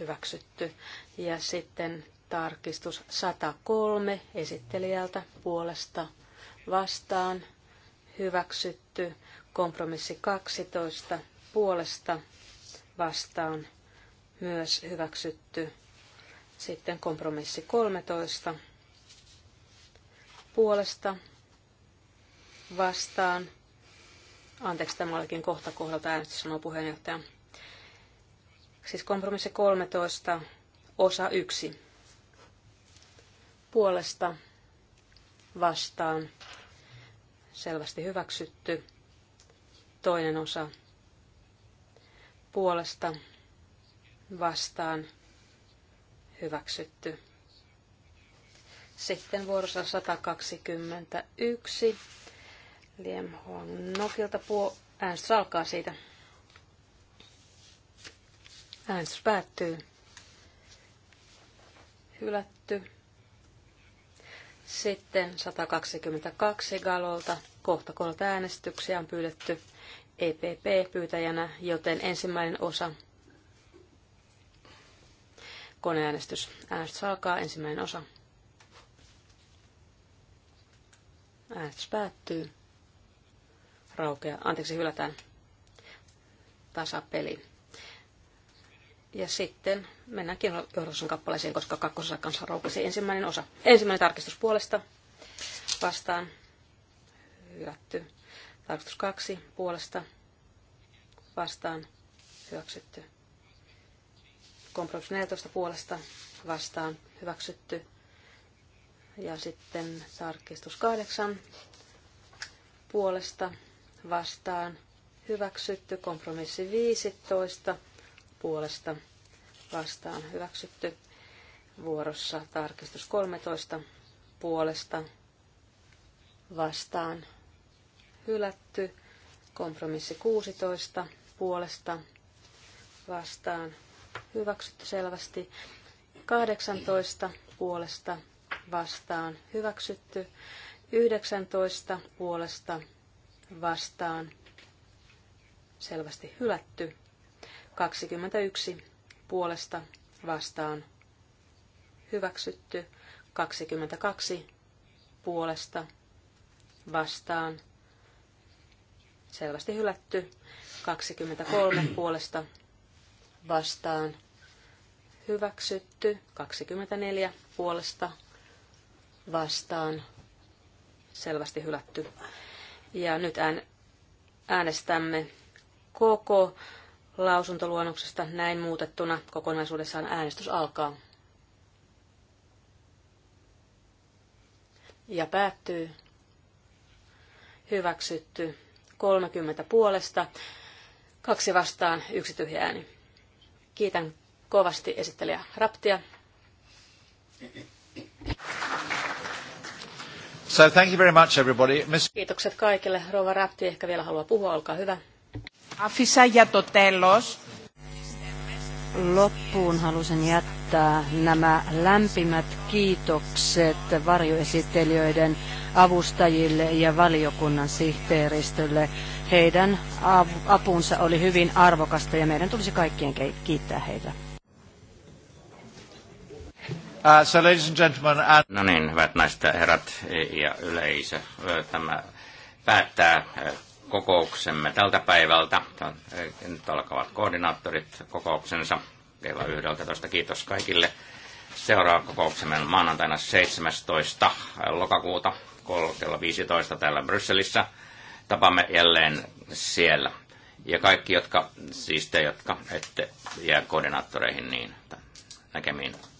hyväksytty. Ja sitten Tarkistus 103 esittelijältä puolesta vastaan. Hyväksytty. Kompromissi 12 puolesta vastaan myös hyväksytty. Sitten kompromissi 13 puolesta vastaan. Anteeksi, tämä olikin kohta kohdalta äänestys, sanoo puheenjohtaja. Siis kompromissi 13, osa 1 puolesta vastaan selvästi hyväksytty. Toinen osa puolesta vastaan hyväksytty. Sitten vuorossa 121. Liem Nokilta puo... Äänestys alkaa siitä. Äänestys päättyy. Hylätty. Sitten 122 Galolta kohta kolta äänestyksiä on pyydetty EPP-pyytäjänä, joten ensimmäinen osa koneäänestys. Äänestys alkaa, ensimmäinen osa. Äänestys päättyy. Raukea. Anteeksi, hylätään. Tasapeli. Ja sitten mennäänkin Johdoson kappaleeseen, koska kakkososa kanssa raukasi ensimmäinen osa. Ensimmäinen tarkistus puolesta vastaan. Hylätty. Tarkistus kaksi puolesta vastaan. Hyväksytty. Kompromissi 14 puolesta vastaan. Hyväksytty. Ja sitten tarkistus kahdeksan puolesta vastaan. Hyväksytty. Kompromissi 15 puolesta vastaan hyväksytty. Vuorossa tarkistus 13 puolesta vastaan hylätty. Kompromissi 16 puolesta vastaan hyväksytty selvästi. 18 puolesta vastaan hyväksytty. 19 puolesta vastaan selvästi hylätty. 21 puolesta vastaan hyväksytty. 22 puolesta vastaan selvästi hylätty. 23 puolesta vastaan hyväksytty. 24 puolesta vastaan selvästi hylätty. Ja nyt äänestämme koko lausuntoluonnoksesta näin muutettuna. Kokonaisuudessaan äänestys alkaa. Ja päättyy. Hyväksytty 30 puolesta, kaksi vastaan, yksi tyhjä ääni. Kiitän kovasti esittelijä Raptia. So thank you very much everybody. Miss... Kiitokset kaikille. Rova Rapti ehkä vielä haluaa puhua, olkaa hyvä. Αφήσα για το τέλος. Loppuun halusin jättää nämä lämpimät kiitokset varjoesittelijöiden avustajille ja valiokunnan sihteeristölle. Heidän apunsa oli hyvin arvokasta ja meidän tulisi kaikkien kiittää heitä. Uh, so ladies and gentlemen, and... Uh, no niin, hyvät naiset ja herrat ja yleisö, tämä päättää kokouksemme tältä päivältä. Nyt alkavat koordinaattorit kokouksensa kello 11. Kiitos kaikille. Seuraava kokouksemme on maanantaina 17. lokakuuta kello 15 täällä Brysselissä. Tapaamme jälleen siellä. Ja kaikki, jotka, siis te, jotka ette jää koordinaattoreihin, niin näkemiin.